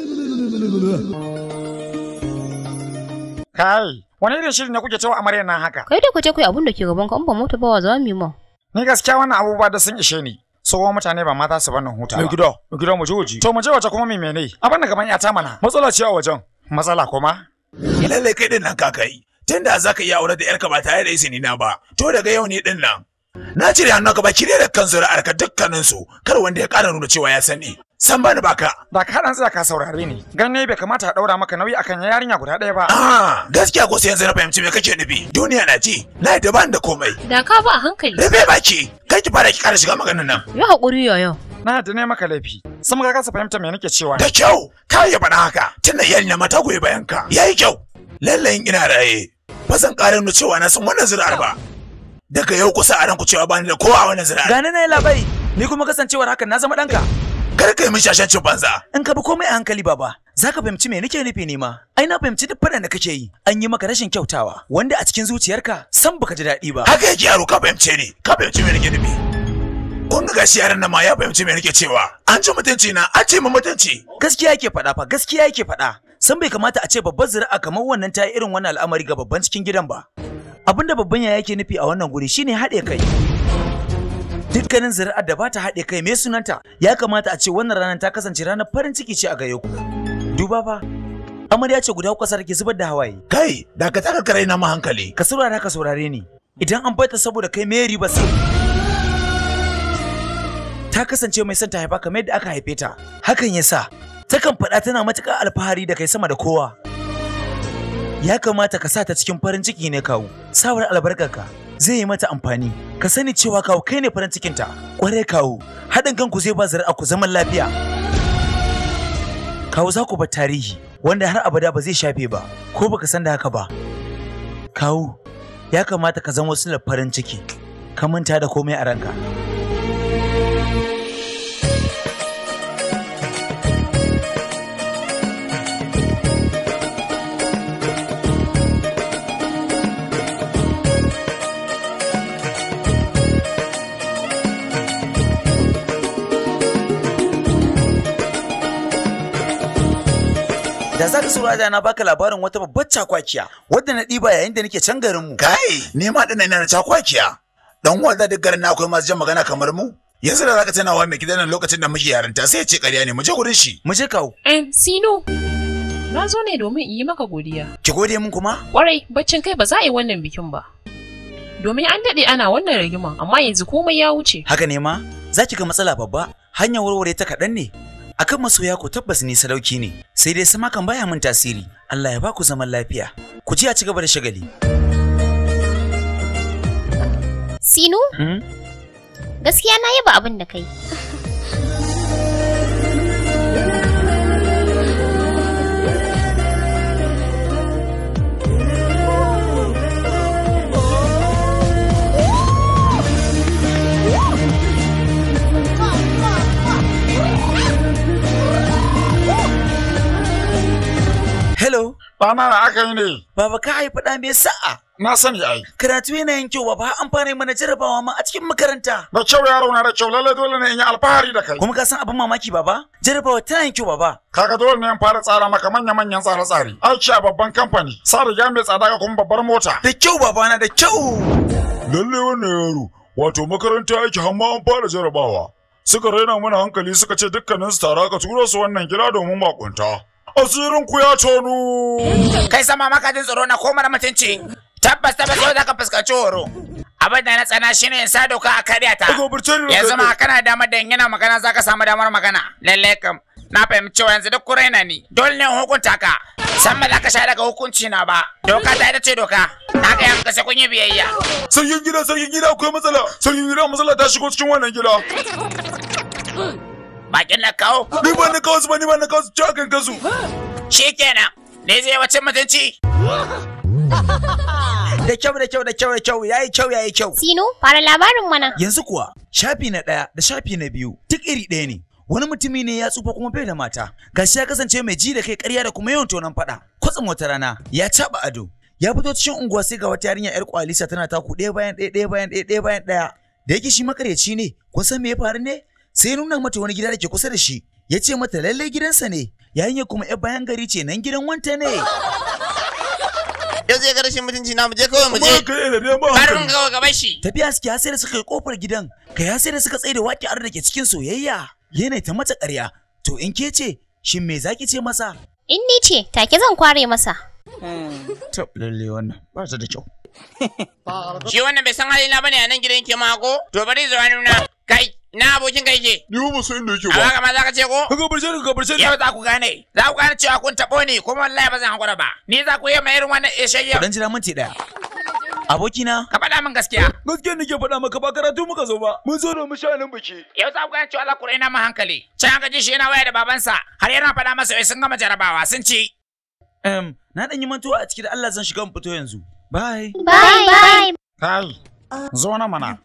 Kai, wani irin shiri ne kuke cewa amaryar nan haka? Kai da ku kai abun abin da ke gaban ka in ba mota ba wa za mu yi ma. Ni gaskiya wannan abubuwa da sun ishe ni. tsohon mutane ba mata su bannin hutawa. Mai gida, mai gida mu je waje. To mu je waje kuma mai mene? Abin da gaban ta mana. Matsala ce a wajen. Matsala kuma? Lalle kai din nan kakai. Tunda za ka iya aure da yarka ba tare da izini na ba. To daga yau ne din nan. na cire hannu ba cire da kan dukkanin su kar wanda ya ƙara nuna cewa ya sani san bani baka Ba ka dan tsaya ka saurare ni ganne bai kamata a daura maka nauyi akan yarinya guda ɗaya ba ah gaskiya ko sai yanzu na fahimci me kake nufi duniya na ji na yi daban da komai da ka ba hankali rufe baki kai ki fara ki ƙara shiga maganar nan yi haƙuri yo. na yadda ne maka laifi sun ga kasa fahimta me nake cewa da kyau ka yi bana haka tunda yali na mata goyi bayanka yayi kyau lallai ina raye ba zan ƙara nuna cewa na san wannan zuri'ar ba daga yau kusa a ranku cewa bani da kowa wannan zira gane na labai ni kuma kasancewar hakan na zama ɗanka kar kai min shashancin banza in ka bi komai a hankali baba zaka fahimci me nake nufi ne ma ai na fahimci duk faɗan da kake yi an yi maka rashin kyautawa wanda a cikin zuciyarka san baka ji daɗi ba haka yake yaro ka fahimce ni ka fahimci me nake nufi kun ga gashi yaran nan ma ya fahimci me nake cewa an ci mutunci na an ce mu mutunci gaskiya yake faɗa fa gaskiya yake faɗa san bai kamata a ce babbar zira'a kamar wannan ta yi irin wannan al'amari ga babban cikin gidan ba Abin da babban yaya yake nufi a wannan guri shine haɗe kai dukkanin zuri'ar da ba ta haɗe kai me sunanta ya kamata a ce wannan ranar ta kasance ranar farin ciki ce a gare ku duba fa amarya ce guda uku ke zubar da hawaye kai da ka taka karai na ma hankali ka saurara ka saurare ni idan an baita saboda kai me riba sai ta kasance mai son ta haifa kamar yadda aka haife ta hakan yasa takan faɗa tana matuƙar alfahari da kai sama da kowa ya kamata ka sa ta cikin farin ciki ne kawo sawar ka zai yi mata amfani ka sani cewa kawo kai ne farin cikinta kwarai kawo haɗin kanku zai ba zara'a ku zaman lafiya kawo za ku bar tarihi wanda har abada ba zai shafe ba ko baka san da haka ba kawo ya kamata ka zama wasu farin ciki ka manta da komai a ranka. da za ka saurara na baka labarin wata babbar cakwakiya wadda na ɗiba yayin da nake can garin mu kai ni ma dana ina da cakwakiya dan uwa da duk garin na akwai masu jan magana kamar mu yanzu da zaka tana wa mai gidan nan lokacin da muke yarinta sai ya ce ƙarya ne mu je gurin shi mu je kawo Eh, sino na zo ne domin in yi maka godiya ki gode min kuma kwarai baccin kai ba za a yi wannan bikin ba domin an daɗe ana wannan rigima amma yanzu komai ya wuce haka ne ma za ki ga matsala babba hanyar warware ta kaɗan ne akan masoya ku tabbas ni sadauki ne sai dai sama kan baya min tasiri Allah ya ba ku zaman lafiya ku ji a ci gaba da shagali Sinu hmm? gaskiya na yaba abin da kai Ɗana na aka yi ne. Baba ka haifi ɗan mai sa'a. Na sani ai. Karatu yana yin kyau baba an fara mana jarabawa ma a cikin makaranta. Da kyau yaro na da kyau lallai dole ne in yi alfahari da kai. Kuma ka san abin mamaki baba? Jarabawa tana yin kyau baba. Kaka dole ne in fara tsara maka manya manyan tsare tsare. Aiki a babban kamfani. Sa riga mai tsada ga kuma babbar mota. Da kyau baba na da kyau. Lallai wannan yaro wato makaranta aiki, hamma an fara jarabawa. Suka raina mana hankali suka ce dukkaninsu tare tara ka tura su wannan gida domin bakunta. asirin ku ya tonu kai sama makajin tsaro na komar na mutunci tabbas tabbas yau ka fuskanci horo abin da na tsana shine in sa doka a karya ta yanzu ma kana dama da yana magana zaka samu damar magana lalle kam na fahimci cewa yanzu duk na ni. dole ne hukunta ka san ba zaka sha daga hukunci na ba doka ta ita ce doka na yanzu ka sai kun yi biyayya sarkin gida sarkin gida akwai matsala sarkin gida matsala ta shigo cikin wannan gida bakin na kawo ni ba na kawo su ba ni ba na kawo su ci akan Shi kenan, ne zai wacce mutunci da kyau da kyau da kyau da kyau yayi kyau yayi kyau sino fara labarin mana yanzu kuwa shafi na ɗaya da shafi na biyu duk iri ɗaya ne wani mutumi ne ya tsufa kuma bai da mata gashi ya kasance mai ji da kai ƙarya da kuma yawan tonon faɗa kwatsam wata rana ya caɓa ado ya fito cikin unguwa sai ga wata yarinya yar kwalisa tana taku ɗaya bayan ɗaya ɗaya bayan ɗaya ɗaya bayan ɗaya da yake shi makaryaci ne kun san me ya faru ne sai nuna mata wani gida da ke kusa da shi ya ce mata lalle gidansa ne yayin ya kuma 'yar bayan gari ce nan gidan wanta ne yau zai ga shi mutunci na muje kawai muje barin kawai gaba shi tafiya suke har sai da suka yi kofar gidan ka ya sai da suka tsaye da waki ar da ke cikin soyayya yana ta mata ƙarya to in ke ce shin me zaki ce masa in ni ce take zan kware masa hmm. tab lalle wannan ba ta da kyau shi wannan bai san halina bane a nan gidan ke mako to bari zuwa nuna kai Na abokin ka ke. Ni ba san inda yake ba. Amma za ka ce ko? Ka gabarce ni gabarce ni. Yau za ku gane. Za ku gane cewa kun taɓo ni kuma wallahi ba zan hakura ba. Ni za ku yi mai irin wannan ishayya. Eh, ku dan jira minti ɗaya. Abokina. Ka faɗa min gaskiya. Gaskiya nake faɗa maka ba karatu muka zo ba. Mun zo domin sha'anin biki. Yau za ku gane cewa Allah kur'ina ma hankali. Can ka ji shi yana waya da babansa. Har yana faɗa masa sai sun gama jarabawa sun ci. Um, na ɗan yi mantuwa a ciki da Allah zan shiga mu fito yanzu. Bye. Bye. Bye. Kai. Zo na mana.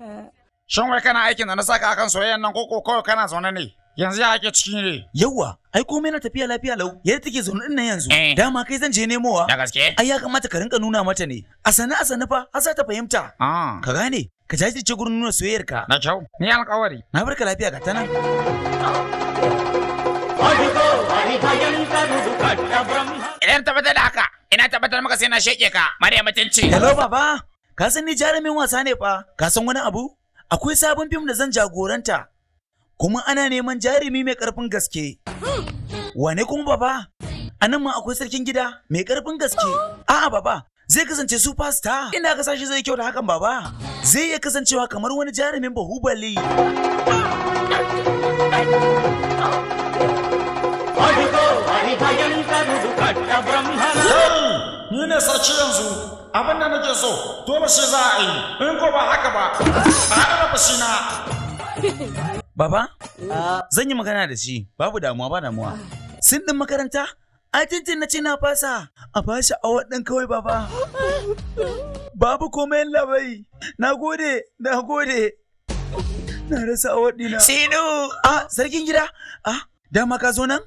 Eh, Shin wai kana aikin da na saka akan soyayyan nan koko kawai kana zaune ne? Yanzu ya ake ciki ne. Yawwa, ai komai na tafiya lafiya lau. Yadda take zaune din nan yanzu. Eh. Dama kai zan je nemowa. Da gaske? Ai ya kamata ka rinka nuna mata ne. A sana a sana fa, har za ta fahimta. Ah. Ka gane? Ka jajirce gurin nuna soyayyarka. Na kyau. Ni alƙawari. Na barka lafiya ga ta nan. Idan tabbatar da haka, ina tabbatar maka sai na sheke ka, Maryam mutunci. Hello baba, ka san ni jarumin wasa ne fa, ka san wani abu? akwai sabon fim da zan jagoranta kuma ana neman jarumi mai karfin gaske wane kuma baba a nan ma akwai sarkin gida mai karfin gaske a'a baba zai kasance superstar ina ga sashi zai kyau da hakan baba zai iya kasancewa kamar wani jarumin bahubali అదిగో హరి భయంకరుడు కట్ట బ్రహ్మ ne sarci yanzu abin da nake so dole shi za a yi in ko ba haka ba a haɗa fushina baba zan yi magana da shi babu damuwa ba damuwa sun ɗin makaranta ai tintin na ce na fasa a bashi awa ɗin kawai baba babu komai labai na gode na gode na rasa awa ɗina sinu a ah, sarkin gida a ah, dama ka zo nan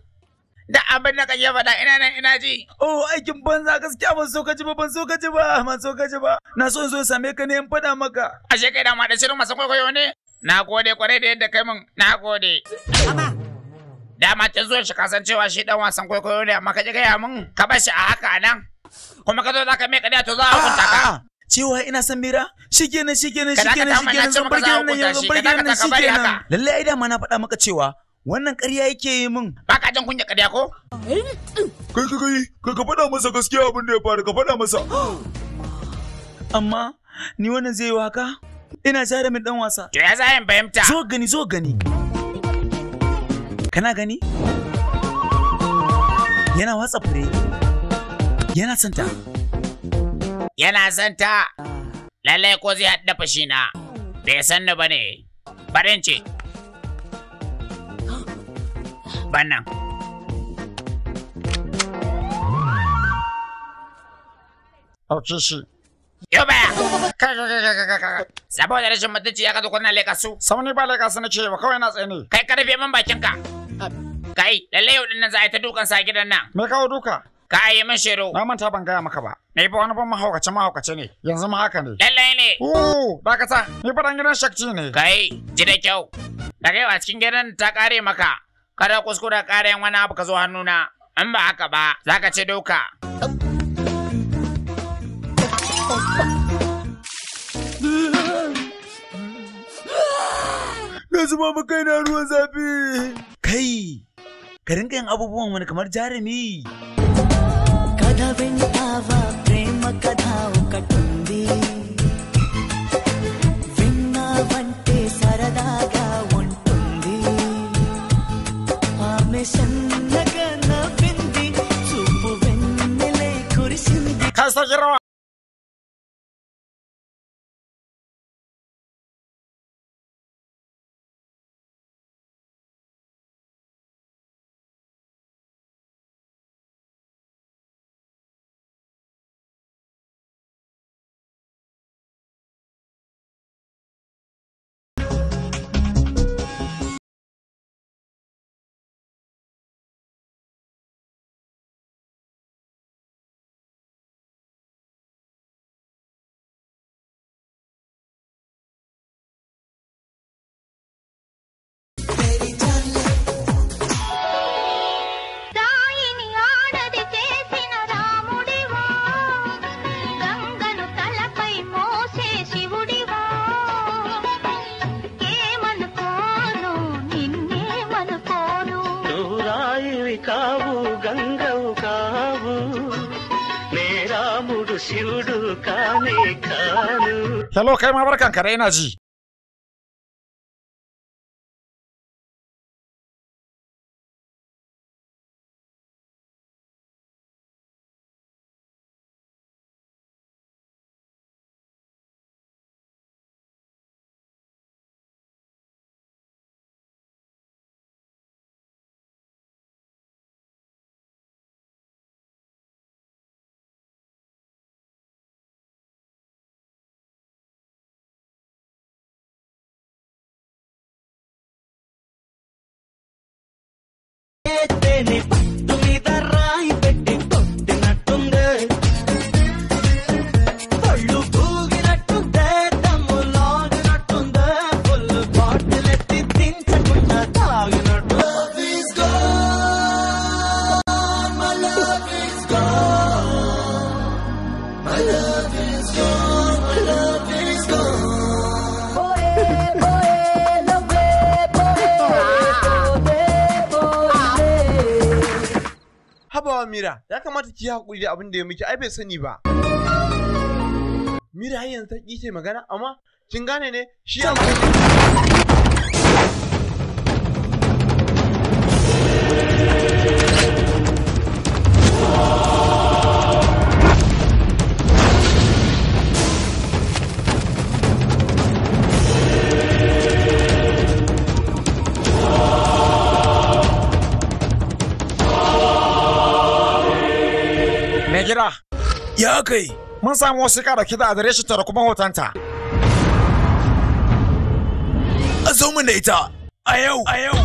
da abin da kake faɗa ina nan ina ji. Oh aikin banza gaskiya ban so ka ji ba ban so ka ji ba ban so ka ji ba na so in zo same ka ne in faɗa maka. Ashe kai da ma da shirin masu kwaikwayo ne? Na gode kwarai da yadda kai min na gode. Dama kin zo shi kasan cewa shi dan wasan kwaikwayo ne amma ka ji gaya min ka bar shi a haka nan. Kuma ka zo za ka mai kadiya to za a hukunta ka. cewa ina son mira shikenan shikenan shikenan shikenan zan barke nan yanzu kenan nan shikenan Lallai ai dama na faɗa maka cewa Wannan ƙarya yake yi min. Ba ka jan kunya ƙarya ko? Kai kai kai, kai ka faɗa masa gaskiya abin da ya faru, ka faɗa masa. Amma ni wannan zai yi haka? Ina tare min dan wasa. To ya za yin fahimta. Zo gani, zo gani. Kana gani? Yana watsa fure. Yana santa. Yana santa. Lallai ko zai haɗa fashina? Bai san ni ba ne. Farin ce. bana. Ɗauke shi. Yoba! da rashin mutunci ya kazo kuna lekasu. Sauni ba lekasu na cewa kawai na tsaye Kai karfe rufe min bakinka. Kai, lallai yau dinnan za a yi ta dukan sa gidan nan. Me kawo duka? Ka yi min shiru. Na manta ban gaya maka ba. Ni ba wani ban mahaukace-mahaukace ne. Yanzu ma haka ne. Lallai ne. Uh, dakata. Ni faɗan gidan shakci ne. Kai, ji da kyau. Daga yau a cikin gidan ta kare maka. Kada kuskura ƙara wani abu ka zo hannuna, in ba haka ba, za ka ce doka. Na zuba ma kaina ruwan zafi. Kai, ka rinka yin abubuwan wani kamar jarumi. Kada bin ava, prema kada సన్నగా నవ్వింది చూపు వెన్నెలై కురిసింది hello kai ma barkan ka dai ina నీ బొట్టు మీద రాయి పెట్టి కొట్టినట్టుంది పళ్ళు పూగినట్టుందే దమ్ము లాగినట్టుందే ఫుల్ బాటిల్ ఎత్తి దించకుండా తాగినట్టు My love is gone. haba Mira, ya kamata ki hakuri da abin da ya miki, ai bai sani ba. Mira har yanzu ta ƙi magana, amma kin gane ne shi ya hira. Ya kai. Mun samu wasu ka kida a dareshi ta da kuma hotonta. A zo mu da ita. A yau. A yau.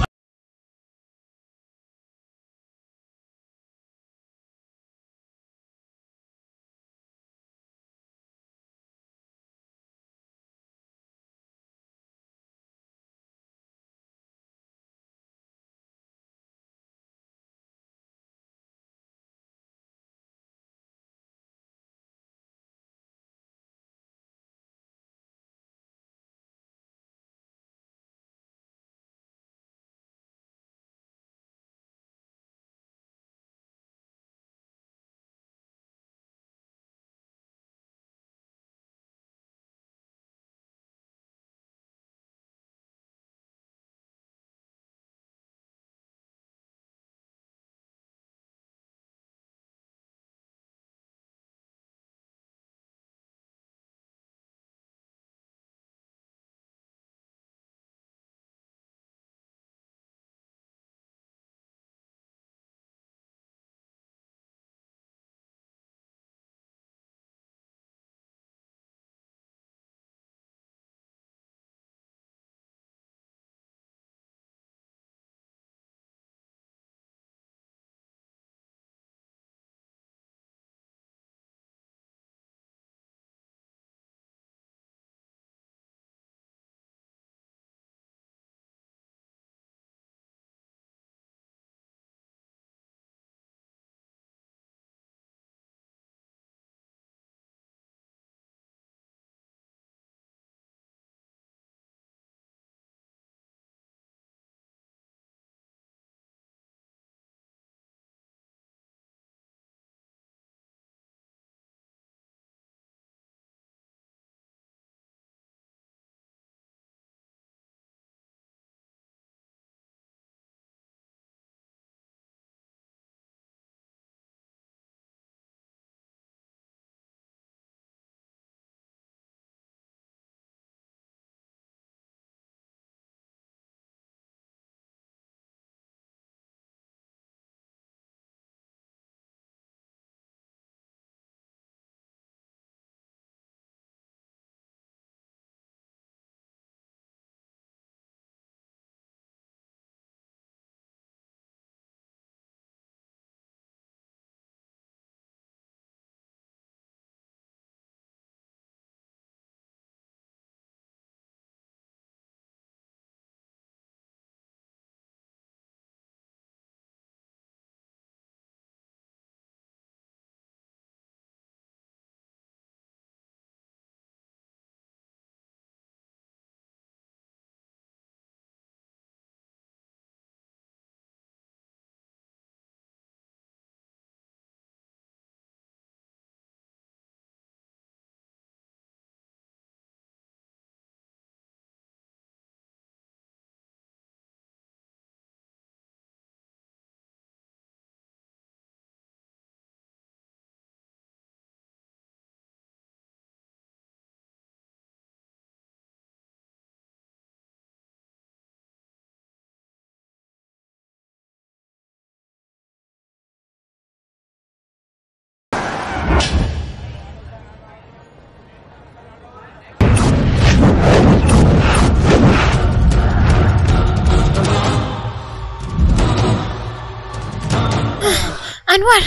Anwar,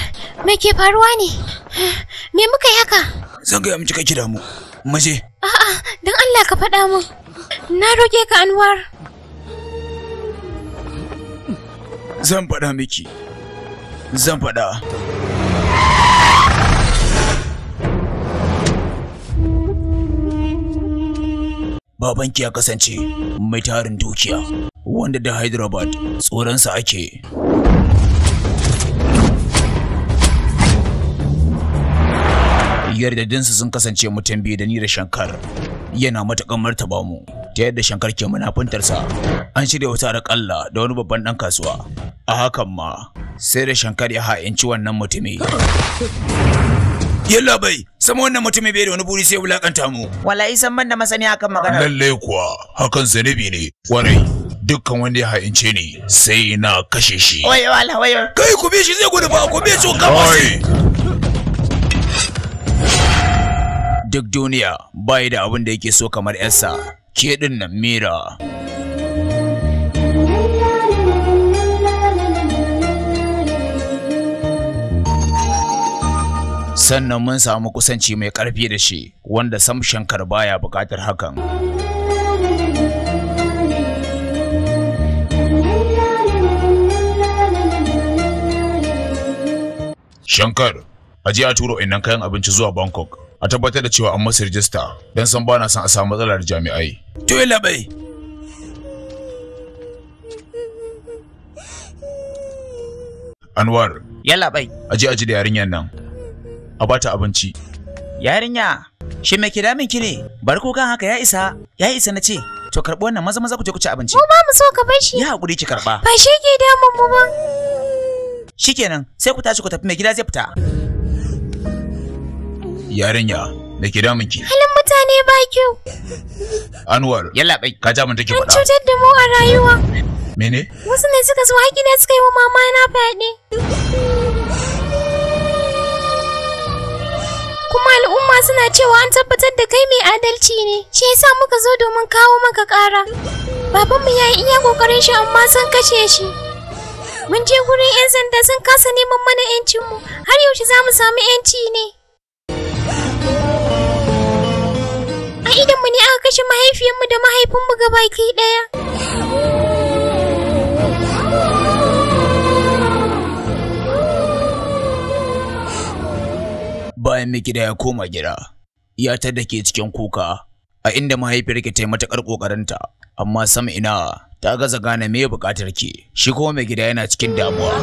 me ke faruwa ne? Me muka yi haka? Zan gaya miki kake damu. Maje. A'a, dan Allah ka faɗa mu. Na roke ka Anwar. Zan faɗa miki. Zan faɗa. Babanki ya kasance mai tarin dukiya wanda da Hyderabad tsoronsa ake. da Yardadinsu sun kasance mutum biyu da ni da Shankar. Yana matakan martaba mu ta yadda Shankar ke munafuntarsa. An shirya wata raƙalla da wani babban ɗan kasuwa. A hakan ma sai da Shankar ya ha'inci wannan mutumi. Yalla bai, sama wannan mutumi bai da wani buri sai wulakanta mu. Wallahi san ban da masani akan magana. Lalle kuwa, hakan zanibi ne. Kwarai, dukkan wanda ya haince ni sai na kashe shi. Wai wala wayo. Kai ku bi shi zai gudu ba ku bi shi kama duk duniya bayi da abin da yake so kamar yarsa ke din nan mira sannan mun samu kusanci mai ƙarfi da shi wanda sam shankar baya buƙatar hakan shankar aje a turo inan kayan abinci zuwa bangkok a tabbatar da cewa an masa rijista don san ba na son a samu matsalar jami'ai. To labai. Anwar. Yalla bai. Aje aji da yarinyar nan. A bata abinci. Yarinya, shi me ke damin ki ne? Bar kukan haka ya isa, ya isa na ce. To karɓi wannan maza maza ku je ku ci abinci. Mu ma mu so ka bar shi. Ya haƙuri ki karɓa. Ba shi ke damun mu ba. Shikenan, sai ku tashi ku tafi mai gida zai fita. Yarinya, me ke damun Halin mutane ba kyau. Anwar, yalla bai ka ja mun take faɗa. An cutar da mu a rayuwa. Mene? Wasu ne suka zo haƙi ne suka yi wa mama na fyaɗe. Kuma al'umma suna cewa an tabbatar da kai mai adalci ne. Shi yasa muka zo domin kawo maka ƙara. Babanmu ya yi iya ƙoƙarin shi amma sun kashe shi. Mun je gurin 'yan sanda sun kasa neman mana 'yancinmu. Har yaushe za mu samu 'yanci ne? a mu ne aka kashe mahaifiyarmu da mahaifinmu baki ɗaya. Bayan mai gida ya koma gida, iyatar da ke cikin kuka a inda mahaifiyarki ta yi matuƙar ƙoƙarinta, amma sama ina ta gaza gane me bukatar ke, shi kuma mai gida yana cikin damuwa.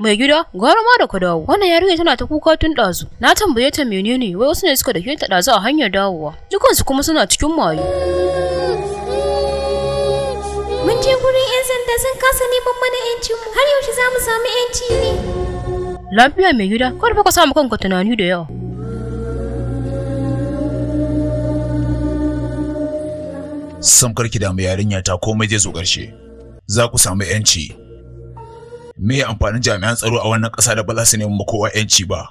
mai gida gwara ma da ku dawo wannan yarinya tana ta kuka tun ɗazu na tambaye ta menene wai wasu ne suka dake ta ɗazu a hanyar dawowa dukansu kuma suna cikin maye mun je gurin 'yan sanda sun kasa neman mana mu har yaushe za mu samu 'yanci ne lafiya mai gida kar fa ka samu kanka tunani da yawa sam ki da mai yarinya ta komai zai zo ƙarshe za ku samu 'yanci me amfanin jami'an tsaro a wannan ƙasa da ba za su nemi ba kowa 'yanci ba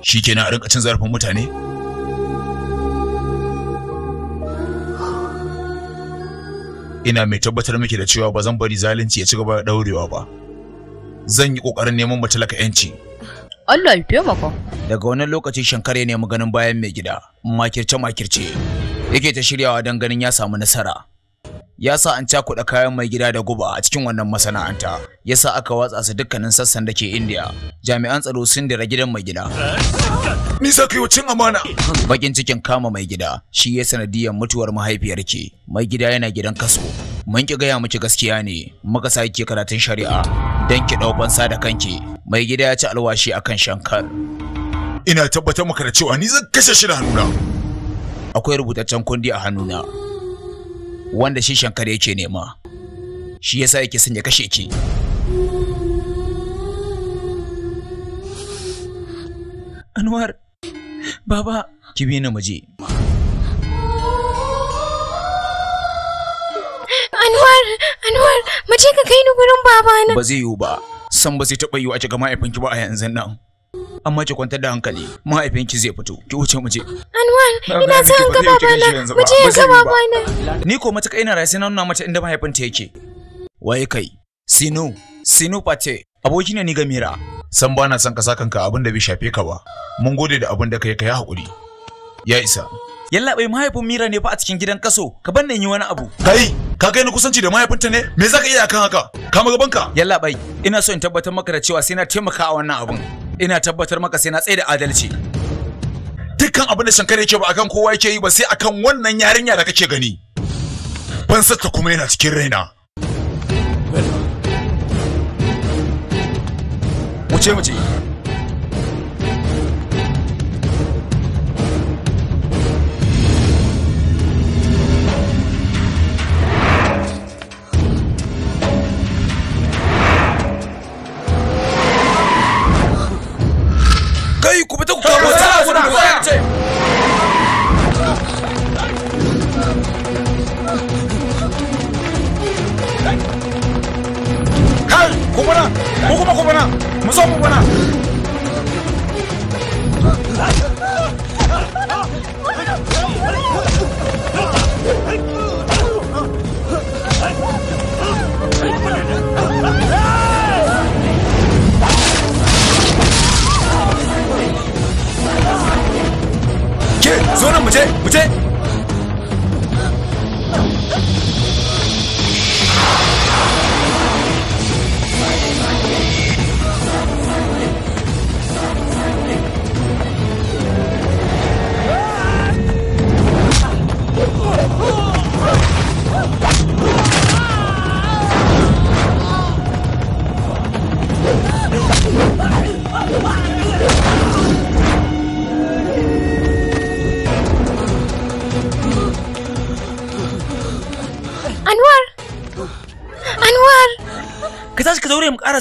shi na a rinka cin zarafin mutane ina mai tabbatar miki da cewa ba zan bari zalunci ya ci gaba da daurewa ba zan yi kokarin neman mu talaka yanci Allah ya taimaka daga wannan lokaci shankar ya nemi ganin bayan mai gida makirce makirce yake ta shiryawa don ganin ya samu nasara ya sa an cakuɗa kayan mai gida da guba a cikin wannan masana'anta ya sa aka watsa su dukkanin sassan da ke indiya jami'an tsaro sun dira gidan mai gida ni sa ka cin amana bakin cikin kama mai gida shi ya sanadiyar mutuwar mahaifiyar ki. mai gida yana gidan kaso mun ki gaya miki gaskiya ne muka kike karatun shari'a Dan ki ɗau fansa da kanki mai gida ya ci alwashi akan shankar ina tabbatar maka da cewa ni zan kashe shi da hannuna akwai rubutaccen kundi a hannuna wanda shi shankar yake nema shi yasa yake son ya kashe ki anwar baba ki bi na muje anwar anwar muje ka kai ni gurin babana ba zai yiwu ba san ba zai taɓa yiwu a ci ga mahaifinki ba a yanzu nan amma ki kwantar da hankali mahaifinki zai fito ki wuce mu je Anwar ina son ga babana mu je ga babana ni ko mata kai na rayu sai na nuna mata inda mahaifinta yake waye kai Sinu Sinu Pate aboki ne ni ga Mira san bana son ka sakanka abin da bai shafe ka ba mun gode da abinda da kai kai hakuri ya isa yalla bai mahaifin Mira ne fa a cikin gidan kaso ka bar yi wani abu kai ka kai ni kusanci da mahaifinta ne me zaka iya kan haka ka gaban ka yalla bai ina so in tabbatar maka da cewa sai na taimaka a wannan abun ina tabbatar maka sai na tsaye da adalci dukkan abin da shankare yake ba akan kowa yake yi ba sai akan wannan yarinya da kake gani fansarta kuma yana cikin raina wuce mu je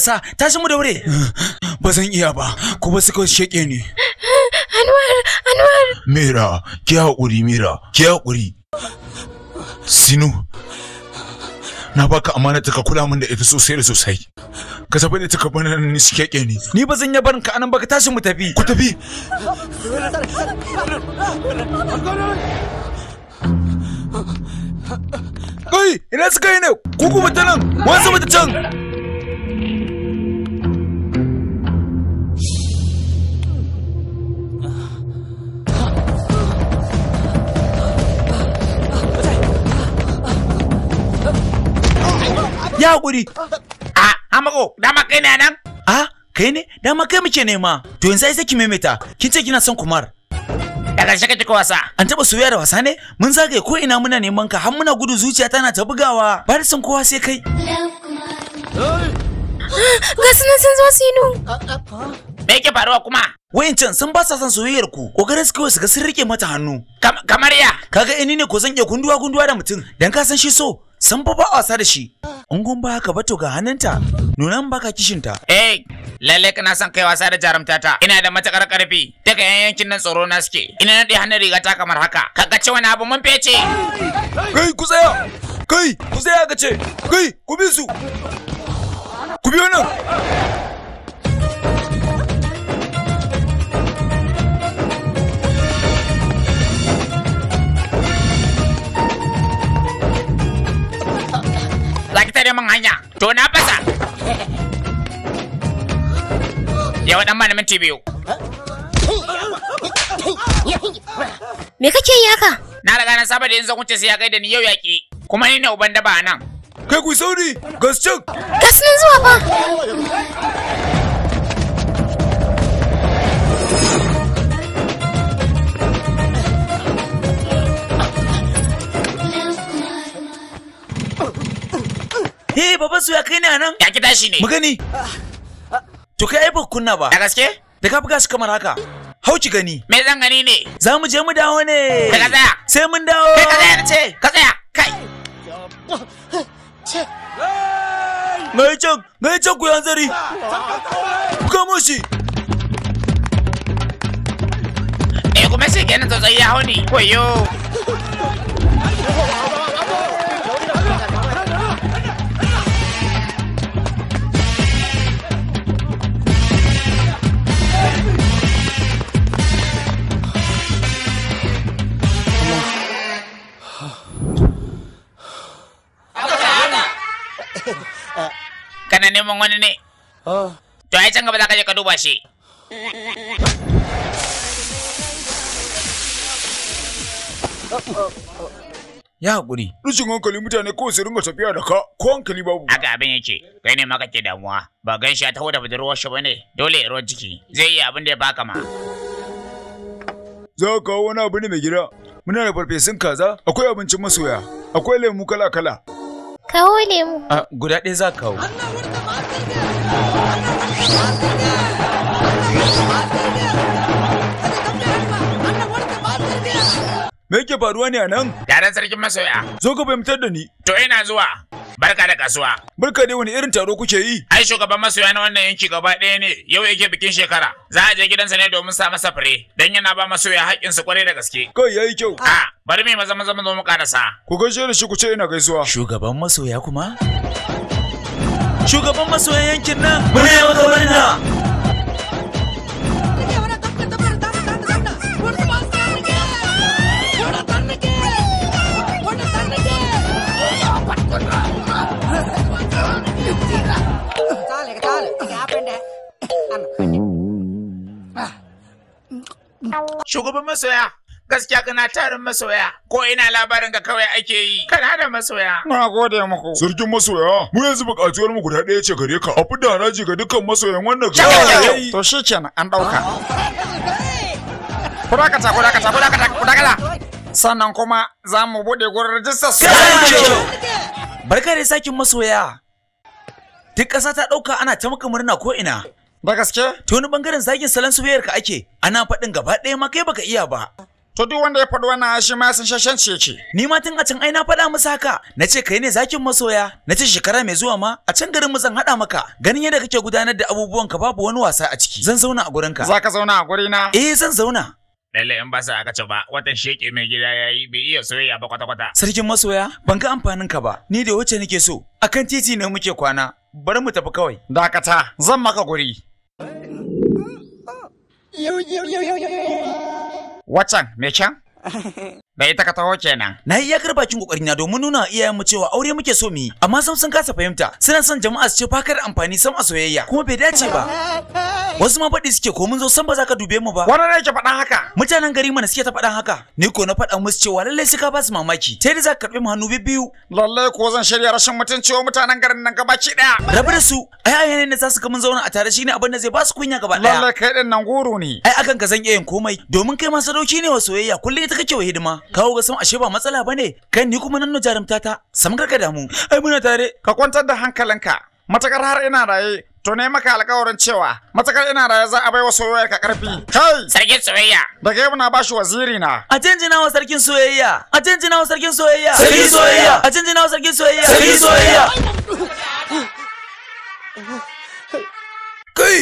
matasa tashi mu da wuri ba zan iya ba ko ba suka sheke ni Anwar Anwar Mira ki hakuri Mira ki hakuri Sinu na baka amana ta ka kula min da ita sosai da sosai ka tafi da taka bana ni sheke ni ni ba zan iya barin ka anan baka tashi mu tafi ku tafi Kai, ina suka yi ne? Ku kuma ta nan, wasu mata can. hakuri. A, Hamako, dama kai ne nan? A, kai ne? Dama kai muke nema. To yanzu sai ki memeta. Kin ce kina son kumar. Da ƙarshe ka wasa. An taɓa soyayya da wasa ne? Mun zagaye ko ina muna neman ka har muna gudu zuciya tana ta bugawa. Ba da son kowa sai kai. Ga sunan sun zo sinu. Me yake faruwa kuma? Wayancan sun ba sa son soyayyar ku, kokarin su kawai su ga sun rike mata hannu. Kamar ya. Kaga ini ne ko zan iya gunduwa gunduwa da mutum, dan ka san shi so. sun fi ba wasa da shi in kun ba haka ba to ga hannunta nunan baka kishinta eh lalle kana son kai wasa da jarumta ta ina da matakar karfi daga yan yankin nan tsoro na suke ina nade hannun riga ta kamar haka Ka ga wani abu mun fece kai ku tsaya kai ku tsaya ga kai ku bi su ku biyo nan tare min hanya to na fasa yawa dan malamin minti biyu me kake yi haka na riga na saba da yin zakunce sai ya kai da ni yau yaki kuma ni ne uban daba nan kai ku sauri gas can gas nan zuwa fa baban su ya kai ni a nan? Ya ki tashi ne. mu gani. To kai ai ba kunna ba. Da gaske? Da ka buga su kamar haka. Hauci gani. Me zan gani ne? Za mu je mu dawo ne. kai Ka tsaya. Sai mun dawo. Kai ka tsaya na ce. Ka tsaya. Kai. Mai can, mai can ku yanzari. Kamo shi. Eh kuma sai kenan tsautsayi ya hau ni. Wayo. neman wani ne to ai can gaba za ka je ka ya hankali mutane ko su ringa tafiya da ka ko hankali babu. Haka abin yake kai ne ma kake damuwa ba gan shi ya taho da budurwar shi bane dole ya ruwan ciki zai yi abin da ya baka ma. Za ka kawo wani abu ne mai gida. Muna da farfesun kaza, akwai abincin masoya, akwai lemu kala-kala, Kawo lemu. A guda ɗaya za kawo. Allah Me yake faruwa ne a nan? sarkin masoya. Zo ka fahimtar da ni. To ina zuwa. Barka da kasuwa. Barka dai wani irin taro kuke yi? Ai shugaban masoya na wannan yanki gaba ɗaya ne. Yau yake bikin shekara. Za a je gidansa ne domin sa masa fure. Dan yana ba masoya haƙƙin su kwarai da gaske. Kai yayi kyau. A bari mai maza maza mu karasa. Ku gaishe da shi ku ce ina gaisuwa. Shugaban masoya kuma? Shugaban masoya yankin nan. Muna yi wa wannan. Shugaban masoya, gaskiya kana tarin masoya, ko ina labarin ka kawai ake yi, kana da masoya. Na gode muku. Sarkin masoya, mu yanzu bukatuwar mu guda ɗaya ce gare ka, a fidda haraji ga dukkan masoyan wannan gari. To shi kenan an ɗauka. Kudakata, kudakata, kudakata, kudakata. Sannan kuma za mu buɗe gurin rajistar su. Barka da sakin masoya. Duk ƙasa ta ɗauka ana ta muka murna ko ina. Ba gaske? To wani bangaren zagin salon soyayyar ka ake, ana faɗin gaba ɗaya ma kai baka iya ba. To duk wanda ya faɗi wannan shi ma san shashan ce ce. Ni ma tun a can ai na faɗa musu haka, na ce kai ne zakin masoya, na ce shekara mai zuwa ma a can garin mu zan haɗa maka. Ganin yadda kake gudanar da abubuwan ka babu wani wasa a ciki. Zan zauna a gurin ka. Za ka zauna a guri na? Eh zan zauna. Lalle in ba sa aka ce ba, watan sheke mai gida ya yi bai iya soyayya ba kwata-kwata. Sarkin masoya, ban ga amfanin ka ba, ni da wacce nake so, akan titi ne muke kwana, bari mu tafi kawai. Dakata, zan maka guri. 我真没枪。da ita ka taho kenan. Na yi yakar bakin kokari na domin nuna iyayen mu cewa aure muke so mu yi, amma sam sun kasa fahimta. Suna son jama'a su ce fakar amfani sam a soyayya, kuma bai dace ba. Wasu ma faɗi suke ko mun zo san ba za ka dube mu ba. Wani ne ke faɗan haka? Mutanen gari mana suke ta faɗan haka. Ni ko na faɗa musu cewa lallai ka ba su mamaki. Ta yadda za ka karɓi mu hannu biyu. Lallai ko zan shirya rashin mutunci wa mutanen garin nan gaba ki ɗaya. Rabu da su, ai ai ne za su ka mun zauna a tare shi ne abin da zai ba su kunya gaba ɗaya. Lallai kai ɗin nan goro ne. Ai akan ka zan iya yin komai domin kai ma sadauki ne wa soyayya kullum ita kake wa hidima. kawo ga sam ashe ba matsala bane kai ni kuma nan jarumta ta sam ka damu ai muna tare ka kwantar da hankalinka matakar har ina raye to ne maka alƙawarin cewa matakar ina raye za a bai wa soyayya ka karfi kai sarkin soyayya daga yau na bashi waziri na a canjina wa sarkin soyayya a canjina wa sarkin soyayya sarkin soyayya a canjina wa sarkin soyayya sarkin soyayya kai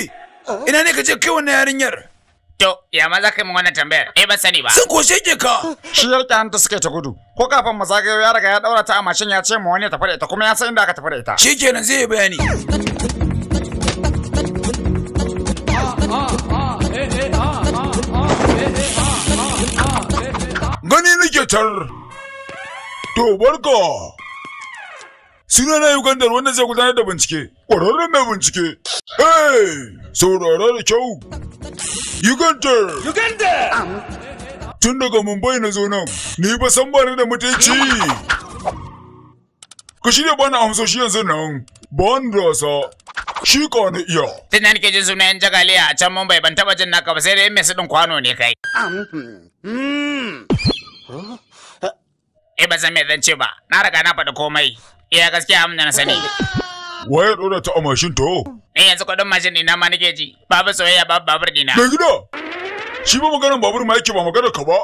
ina ne ka je kai wannan yarinyar To, ya maza kai mun wannan tambayar? Eh ba sani ba. Sun koshe ke ka. Shi yar ta hanta suke ta gudu. Ko kafin mu zagayo ya riga ya daura ta a mashin ya ce mu wani ya tafi da ita kuma ya san inda aka tafi da ita. Shikenan zai yi bayani. Gani nake tar. To barka. Suna na Ugandar wanda zai gudanar da bincike. Ƙwararren mai bincike. Hey! Saurara da kyau. Uganda! Uganda! Tun daga Mumbai na zo nan, ni ba san bani da mutunci. Ka shirya bani amsoshi yanzu nan, ban da wasa. Shi ka wani iya. Tun da nake jin sunayen jagaliya a can Mumbai ban taba jin naka ba sai dai mai su kwano ne kai. Hmm. Eh ba san me zan ce ba, na riga na faɗi komai. Iya gaskiya amina na sani. Waye dora ta a mashin ta? Eh yanzu kudin mashin ne na ma nake ji. Babu soyayya babu babur dina. Da gida. Shi ba maganar babur ma yake ba maganar ka ba.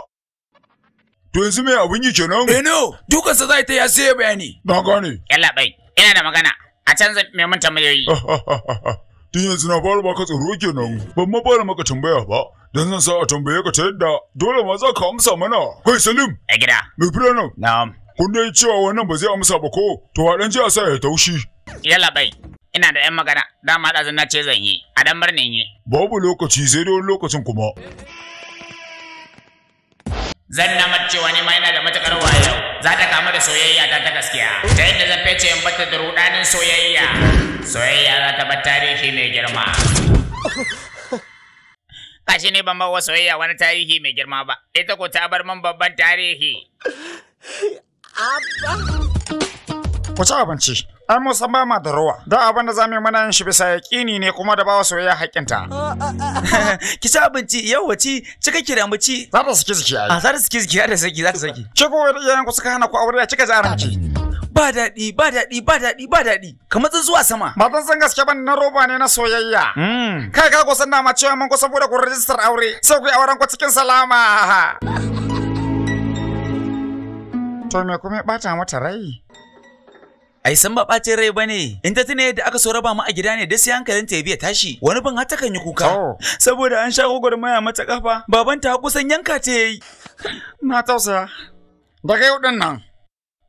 To yanzu me abin yi kenan? Eh no, sa zai ta ya sai bayani. Na gane. Yalla bai, ina da magana. A canza mai mun tambayoyi. Tun yanzu na fara baka tsoro kenan. Ban ma fara maka tambaya ba. Dan zan sa a tambaye ka ta yadda dole ma za ka amsa mana. Kai Salim. A gida. Me fira nan. Na'am. Kun dai cewa wannan ba zai amsa ba ko? To a dan ji a sa ya taushi. Yalla bai, ina da ƴan magana, dama da zan ce zan yi, a dan birnin yi. Babu lokaci sai da wani lokacin kuma. Zan na cewa ni ma yana da matakar wayo, za ta kama da soyayya ta ta gaskiya, ta yadda zan fece in bata da rudanin soyayya. Soyayya za ta bar tarihi mai girma. Kashi ne ban bawa soyayya wani tarihi mai girma ba, ita ko ta bar min babban tarihi. Abba! Ku ci abinci. An mu ba ma da rawa. Da abin da za mu mana shi bisa yaƙini ne kuma da bawa soyayya haƙinta. Ki ci abinci yau wace cika ki da mace. Za ta saki ziki ai. Ah, za ta saki ziki za da saki za ta saki. Cikin wani iyayen ku suka hana ku aure a, cika jaran ki. Ba daɗi ba daɗi ba daɗi ba daɗi kamar zuwa sama. Ba zan san gaske ba na roba ne na soyayya. Hmm. Kai ka kusan na ma cewa mun kusa bude ku rajistar aure sai ku yi auren ku cikin salama. To me kuma ya ɓata mata rai? ai san ba ɓacin rai bane in ta tuna yadda aka so raba mu a gida ne da sai hankalin ta biya tashi wani bin har takan yi kuka saboda an sha maya mata kafa baban ta kusan yanka ta yayi na tausa daga yau din nan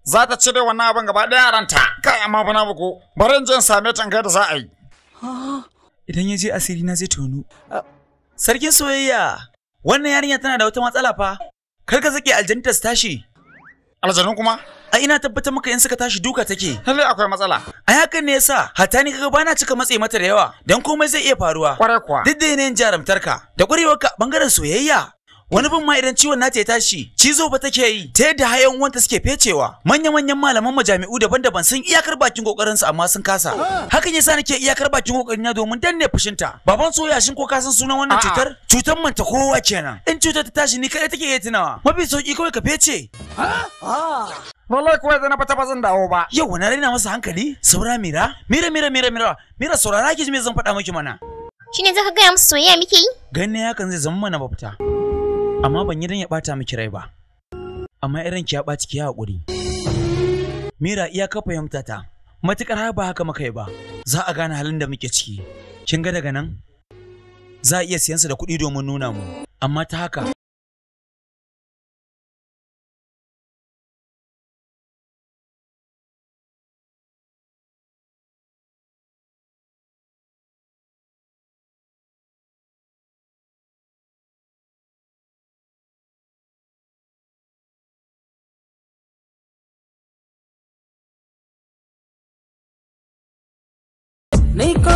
za ta cire wannan abin gaba ɗaya ranta kai amma na buku bari in je in same ta da za a yi idan ya je asiri na zai tonu sarkin soyayya wannan yarinya tana da wata matsala fa kar ka zake aljanta tashi alzanu kuma? A ina tabbatar maka in suka tashi duka take. Lalle akwai matsala. A hakan ne yasa hatta ni kaga bana cika matsayi mata da yawa dan komai zai iya faruwa. Kwarai kuwa. Duk da yanayin jarumtarka da kwarewarka bangaren soyayya wani bin ma idan ciwon nata ya tashi cizo ba take yi ta yadda hayan wanta suke fecewa manya manyan malaman majami'u daban-daban sun iyakar bakin kokarin su amma sun kasa hakan yasa nake iyakar bakin kokarin na domin danne fushinta baban so shin ko ka sunan wannan cutar cutar manta kowa kenan in cutar ta tashi ni kadai take iya tunawa mafi sauki kawai ka fece Wallahi kuwa zana fata ba zan dawo ba. Yau wani raina masa hankali? Saura Mira? Mira Mira Mira Mira Mira saurara ki ji me zan faɗa miki mana. Shine zaka gaya musu soyayya muke yi? hakan zai zama mana fita. amma ban yi dan ya bata miki rai ba amma irin ki ya baci ki hakuri mira iya ka fahimta ta matukar har ba haka maka yi ba za a gane halin da muke ciki kin ga daga nan za a iya siyan sa da kuɗi domin nuna mu amma ta haka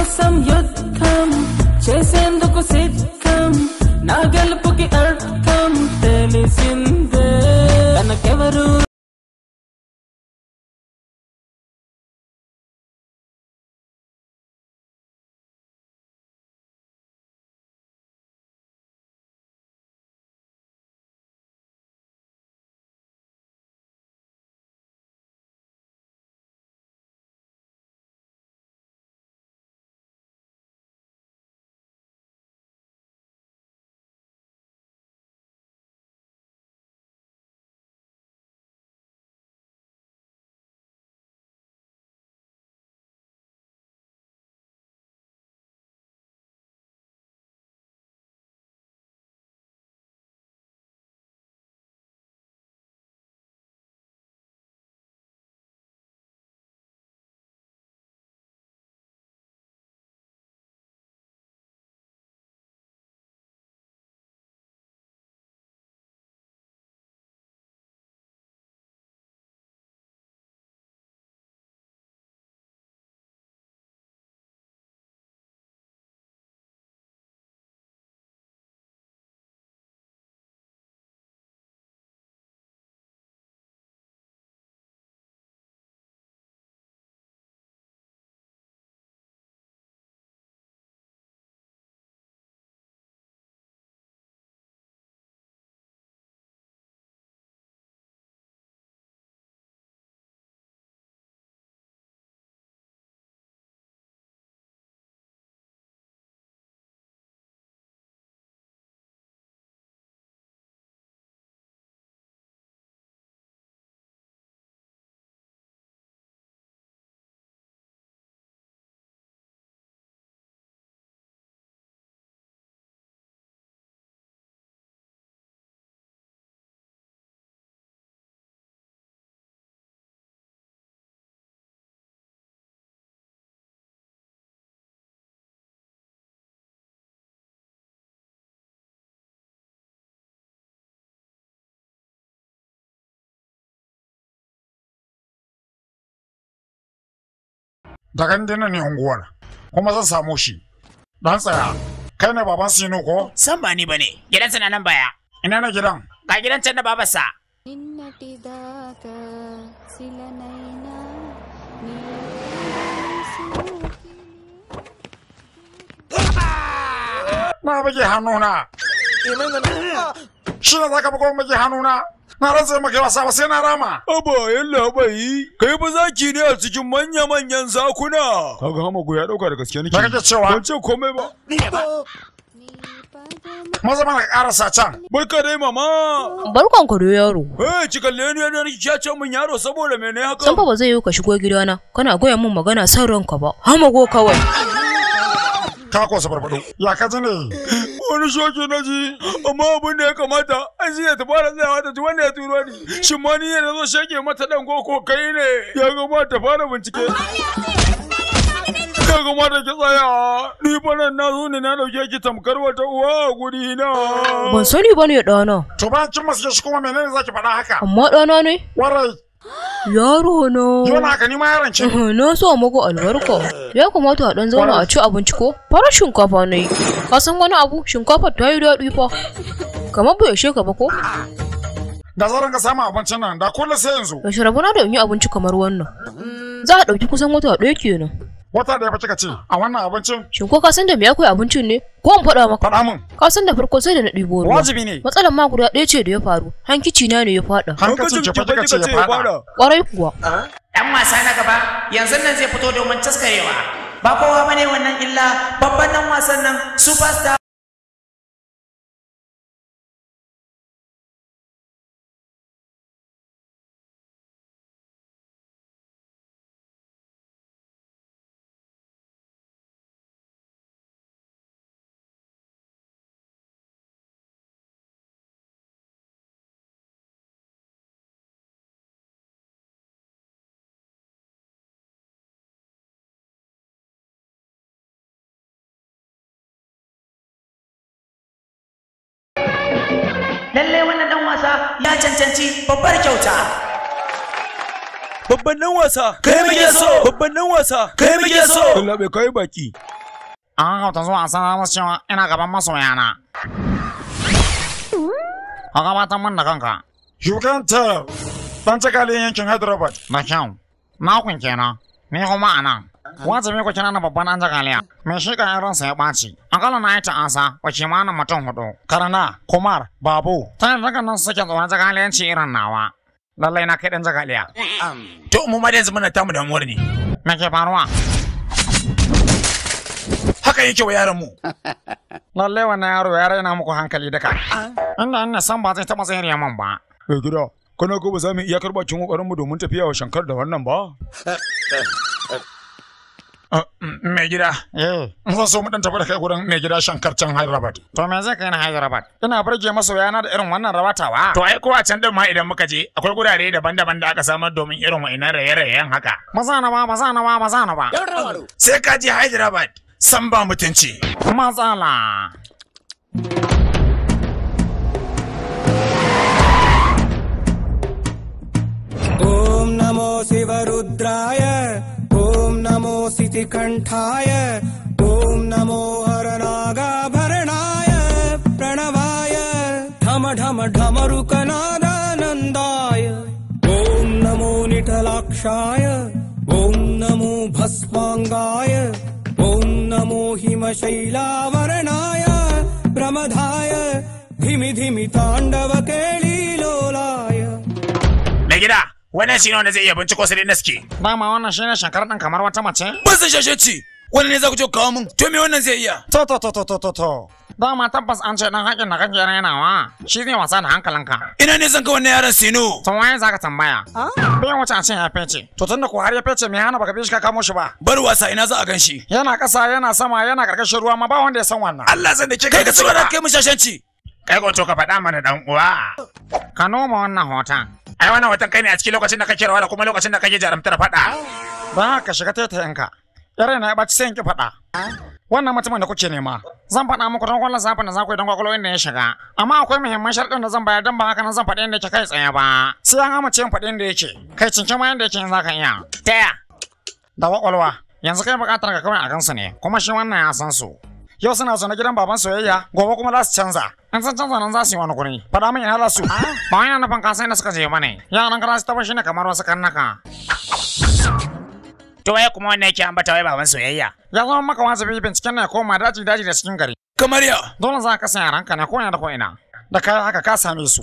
కోసం యుద్ధం చేసేందుకు సిద్ధం నాగ daga dina ne unguwar kuma zan samu shi dan tsaya kai ne baban sinu ko san ba ni bane gidansa na nan baya ina na gidan ga gidan can da babarsa Ma na bage hannuna shi ne za ka bugo bage hannuna na rasa maka ba sa sai na rama aba yalla bai kai ba ki ne a cikin manya manyan zakuna ga hama ya dauka da gaske nake Ka cewa ban ce komai ba Maza mana karasa can. Barka dai mama. Barkon ku da yaro. Eh ki kalle ni yana ki ce mun yaro saboda me ne haka? Sanfa ba zai yi ka shigo gidana. Kana goya mun magana san ranka ba. Hama go kawai. Ka ko sabar bado. Ya ka ji ne? wani shoki na ji amma abin da ya kamata an shi ta fara tsayawa ta ji wanda ya turo ni shi ma ni yana zo shege mata dan koko kai ne ya gama ta fara bincike ya ta ki tsaya ni fa nan na zo ne na dauke ki tamkar wata uwa a guri na ban sani bane dano to bayan cin masu shi kuma menene zaki faɗa haka amma dano ne warai Yaro no. Zo na gani ma yaron ce. Uh-huh, no so muku albarko. Eh. Ya kamata a dan zauna a ci abinci ko? Fara shinkafa ne. Ka san wani abu? Shinkafa ta yi daɗi fa. Kamar bai ishe ka ba ko? Da zaran ka samu abincin nan da kullum sai yanzu. Yaushe rabona da in yi abinci kamar wannan. Za a ɗauki kusan wata ɗaya kenan. wata da ya fice ka ce a wannan abincin shin ko ka san da me ya koyi abincin ne ko in faɗa maka faɗa min ka san da farko sai da na ɗibo ruwa wajibi ne matsalar ma guda ɗaya ce da ya faru hankici na ne ya faɗa hankicin ki fice ka ce ya faɗa ƙwarai kuwa dan ah? wasa na gaba yanzu nan zai fito domin taskarewa ba kowa bane wannan illa babban dan wasan nan superstar cancanci babbar kyauta babban nan wasa kai muke so babban nan wasa kai muke so Allah bai kai baki an hauta zuwa sanar musu cewa ina gaban masoyana ka gabatar min da kanka you can tell dan cakalin yankin Hyderabad na kyau na kun kenan ni kuma a nan. wajibi ku kina na babban an Me mai ka ya ransa ya ɓaci kala na yi ta'asa ma na mutum hudu karna kumar babu ta yi daga nan suke tsoron jagaliyanci irin nawa lallai na kai ɗan jagaliya. to mu ma dai zama tamu damuwar ne. me ke faruwa. haka yake wa yaran mu. lallai wannan yaro ya raina muku hankali duka. inda ina san ba zai taɓa tsayar man ba. Me gida kana ko ba za mu iya karɓa cin ƙoƙarinmu domin tafiya wa shankar da wannan ba. Ah, mai mm, gida zan so mu dan tafi da kai gurin mai gida shankar can Hyderabad to me zai kai na Hyderabad ina burge masoyana da irin wannan rabatawa to ai kowa can din ma idan muka je akwai gurare daban-daban da aka samar domin irin wa'annan raye-rayen haka maza na ba maza na ba maza na ba sai ka je Hyderabad san ba mutunci matsala ॐ नमो शिवरुद्राय नमो कण्ठाय ॐ नमो हरनागाभरणाय प्रणवाय धम ढम ढमरुकनादानन्दाय ॐ नमो निटलाक्षाय ॐ नमो भस्माङ्गाय ॐ नमो हिमशैलावरणाय प्रमधाय धिमि धिमि ताण्डव केळीलोलाय wannan shi ne wanda zai iya binciko su na suke dama wannan shi ne shankar ɗan kamar wata mace ba su shashe ci wani ne za ku kawo min to me wannan zai iya to to to to to to to dama tabbas an ce ɗan haƙin da kake wa? shi zai wasa da hankalinka ina ne zan ga wannan yaron sino to waye ka tambaya ah. bai wuce a ce ya fece to tunda ko har ya fece me hana baka bi shi ka kamo shi ba bar wasa ina za a gan shi yana ƙasa yana sama yana ƙarƙashin ruwa ma ba wanda ya san wannan Allah zan da ke kai ka tsira da kai mu shashanci kai ko to ka faɗa mana dan uwa ka noma wannan hoton ai wannan watan kai ne a cikin lokacin da kake rawa kuma lokacin da kake jaramtar faɗa ba ka shiga yanka yare na ya ɓaci sai yanki faɗa wannan mutumin da kuke nema zan faɗa muku don kwallon zafin da za ku yi don kwakwalo inda ya shiga amma akwai muhimman sharɗin da zan bayar don ba haka nan zan faɗi inda yake kai tsaye ba sai an amince yin faɗi inda yake kai cinke ma yanda yake yin za iya taya da kwakwalwa yanzu kai buƙatar ka kawai a kansu ne kuma shi wannan ya san su yau suna zaune gidan baban soyayya gobe kuma za su canza An san canza nan za su yi wani kuri. faɗa min ina lasu. su ah? ba wani nufin ka san inda suka je ba ne yaran ka za su taɓa shi ne kamar wasu karnaka to ya kuma wannan yake ambata wai baban soyayya ya zama maka wasu bi binciken na koma daji daji da cikin gari kamar ya dole za ka san yaranka ne ko ina da ko da kayan haka ka same su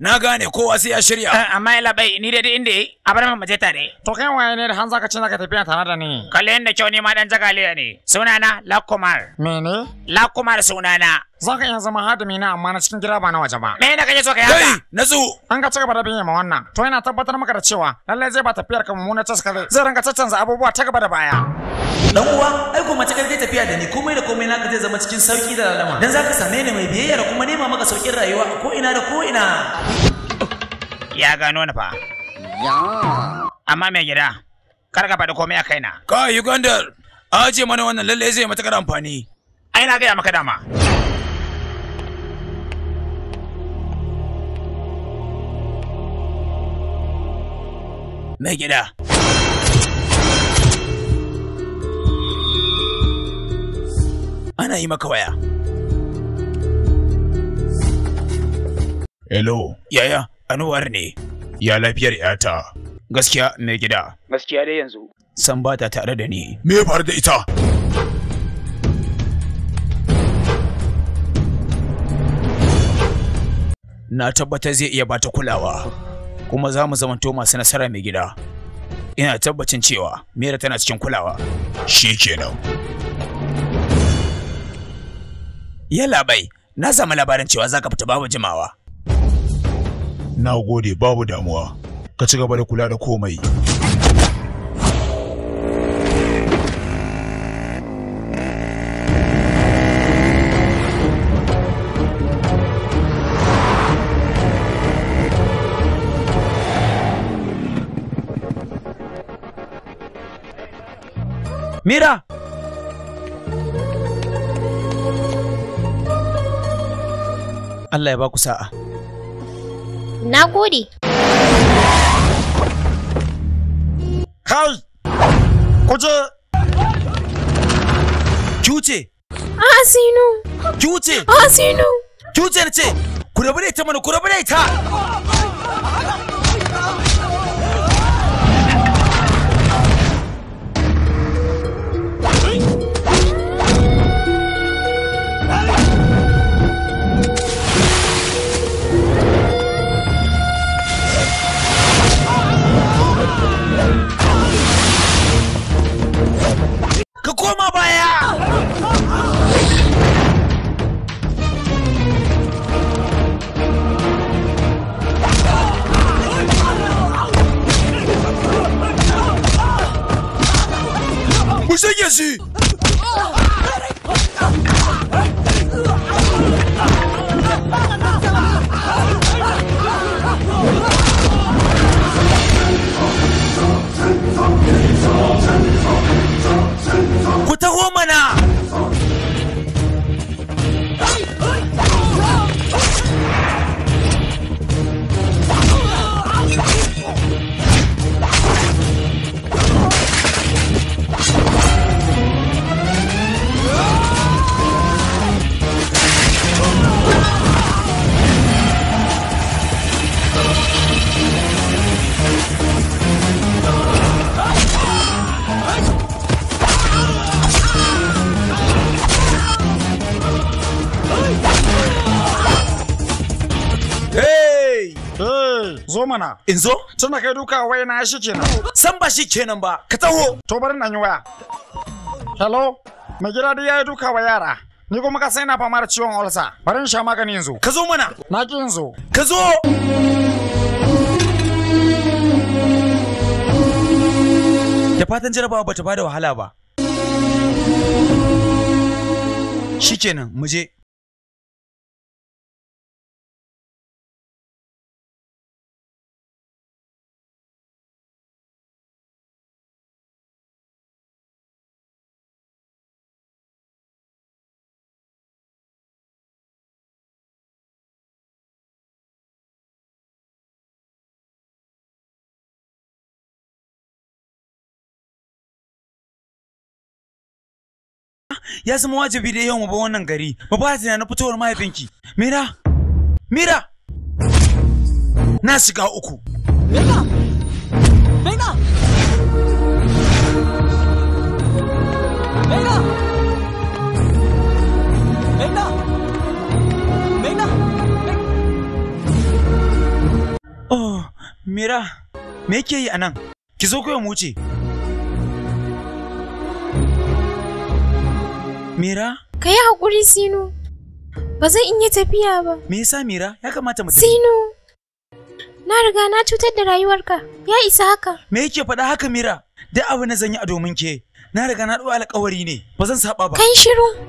na gane kowa sai ya shirya eh, amma ya labai ni da inda yi a bar mu je tare to kai waye ne da han ka ce zaka tafiya tare da ni kalle da kyau ne ma dan jagaliya ne sunana lakumar mene lakumar sunana Za ka iya zama hadumi na amma na cikin gida ba na waje ba. Me ne kake so ka yi haka? zo. An ka cigaba da bin ma wannan. To yana tabbatar maka da cewa lallai zai ba tafiyar ka mummuna ta zai ranka caccanza abubuwa ta gaba da baya. Dan uwa, ai kuma cikin kai tafiya da ni komai da komai naka zai zama cikin sauki da lalama. Dan zaka same ni mai biyayya da kuma nema maka saukin rayuwa a ko ina da ko ina. Ya gano ni fa. Ya. Amma mai gida, kar ka faɗi komai a kaina. Kai Uganda aje mana wannan lallai zai matakar amfani. Ai na gaya maka dama. mai gida ana yi maka waya hello yaya anuwar ne ya lafiyar yata gaskiya mai gida gaskiya dai yanzu san ba ta tare da ni me ya faru da ita na tabbatar zai iya bata kulawa kuma za mu zamanto masu nasara mai gida ina tabbacin cewa mera tana cikin kulawa Shi shikenan yalla bai na samu labarin cewa za ka fita babu jimawa na gode babu damuwa ka ci gaba da kula da komai Mira. Allah ya baku sa'a. Na gode. Kai! Kuce! Kyuce! Asinu! Kyuce! Asinu! Kyuce ce! Ku rabu da ita mana, ku ta! ita! koma baya mu zo mana in zo tunda kai duka wai na shi kenan san ba shi kenan ba ka taho to bari na yi waya hello mai gida dai yayi duka wa yara ni kuma ka sai na fama da ciwon olsa bari in sha magani yanzu ka zo mana na ki yanzu ka zo da fatan jarabawa bata bada wahala ba shi kenan mu je ya zama wajibi da yau mu ba wannan gari mu ba na fitowar mahaifinki mira mira na shiga uku mira mira mira mira mira oh mira me yake yi anan ki zo kawai mu wuce Mira? Ka yi haƙuri Sinu. Ba zan iya tafiya ba. Me yasa Mira? Ya kamata mu tafi. Sinu. Na riga na cutar da rayuwarka. Ya isa haka. Me yake faɗa haka Mira? Da abu na zan yi a domin ke. Na riga na ɗau alƙawari ne. Ba zan saba ba. Kai shiru.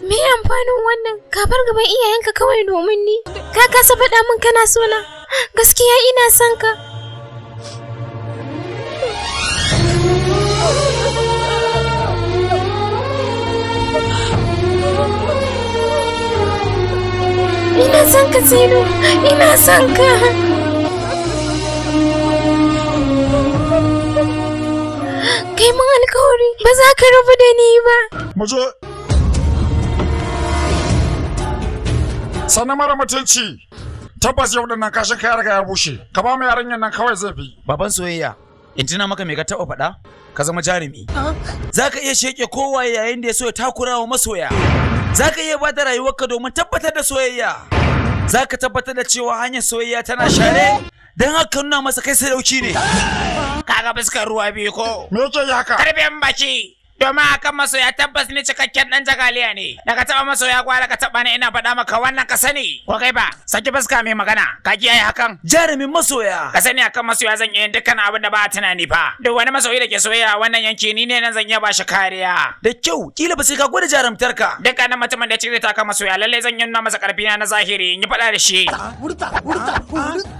Me amfanin wannan? Ka bar gaban iyayenka kawai domin ni. Ka kasa faɗa min kana so na. Gaskiya ina son ka. ina son ka zino ina son ka kai mun alkawari ba za ka rabu da ni ba mace sannan mara mutunci tabbas yau da nan kashin ka ya riga ya bushe ka ba mu yarinyar nan kawai zai fi baban soyayya in tuna maka me ka taɓa faɗa ka zama jarumi za ka iya sheke kowa yayin da ya so ya takura wa masoya za ka iya ba da rayuwarka domin tabbatar da soyayya za ka tabbatar da cewa hanyar soyayya tana share don haka nuna masa kai sadauki ne kaga fuskar ruwa biyu ko me yake haka baki domin akan masoya tabbas ni cikakken dan jagaliya ne ka taba masoya gwara ka taba ni ina faɗa maka wannan ka sani ko kai ba saki baska mai magana ka kiyaye hakan jarumin masoya ka sani akan masoya zan yi dukkan abin da ba a tunani fa duk wani masoyi da ke soyayya wannan yanki ni ne nan zan ba shi kariya da kyau kila ba sai ka gwada jarumtar ka dukkanin mutumin da cire ta kan masoya lalle zan yi nuna masa karfi na na zahiri in yi faɗa da shi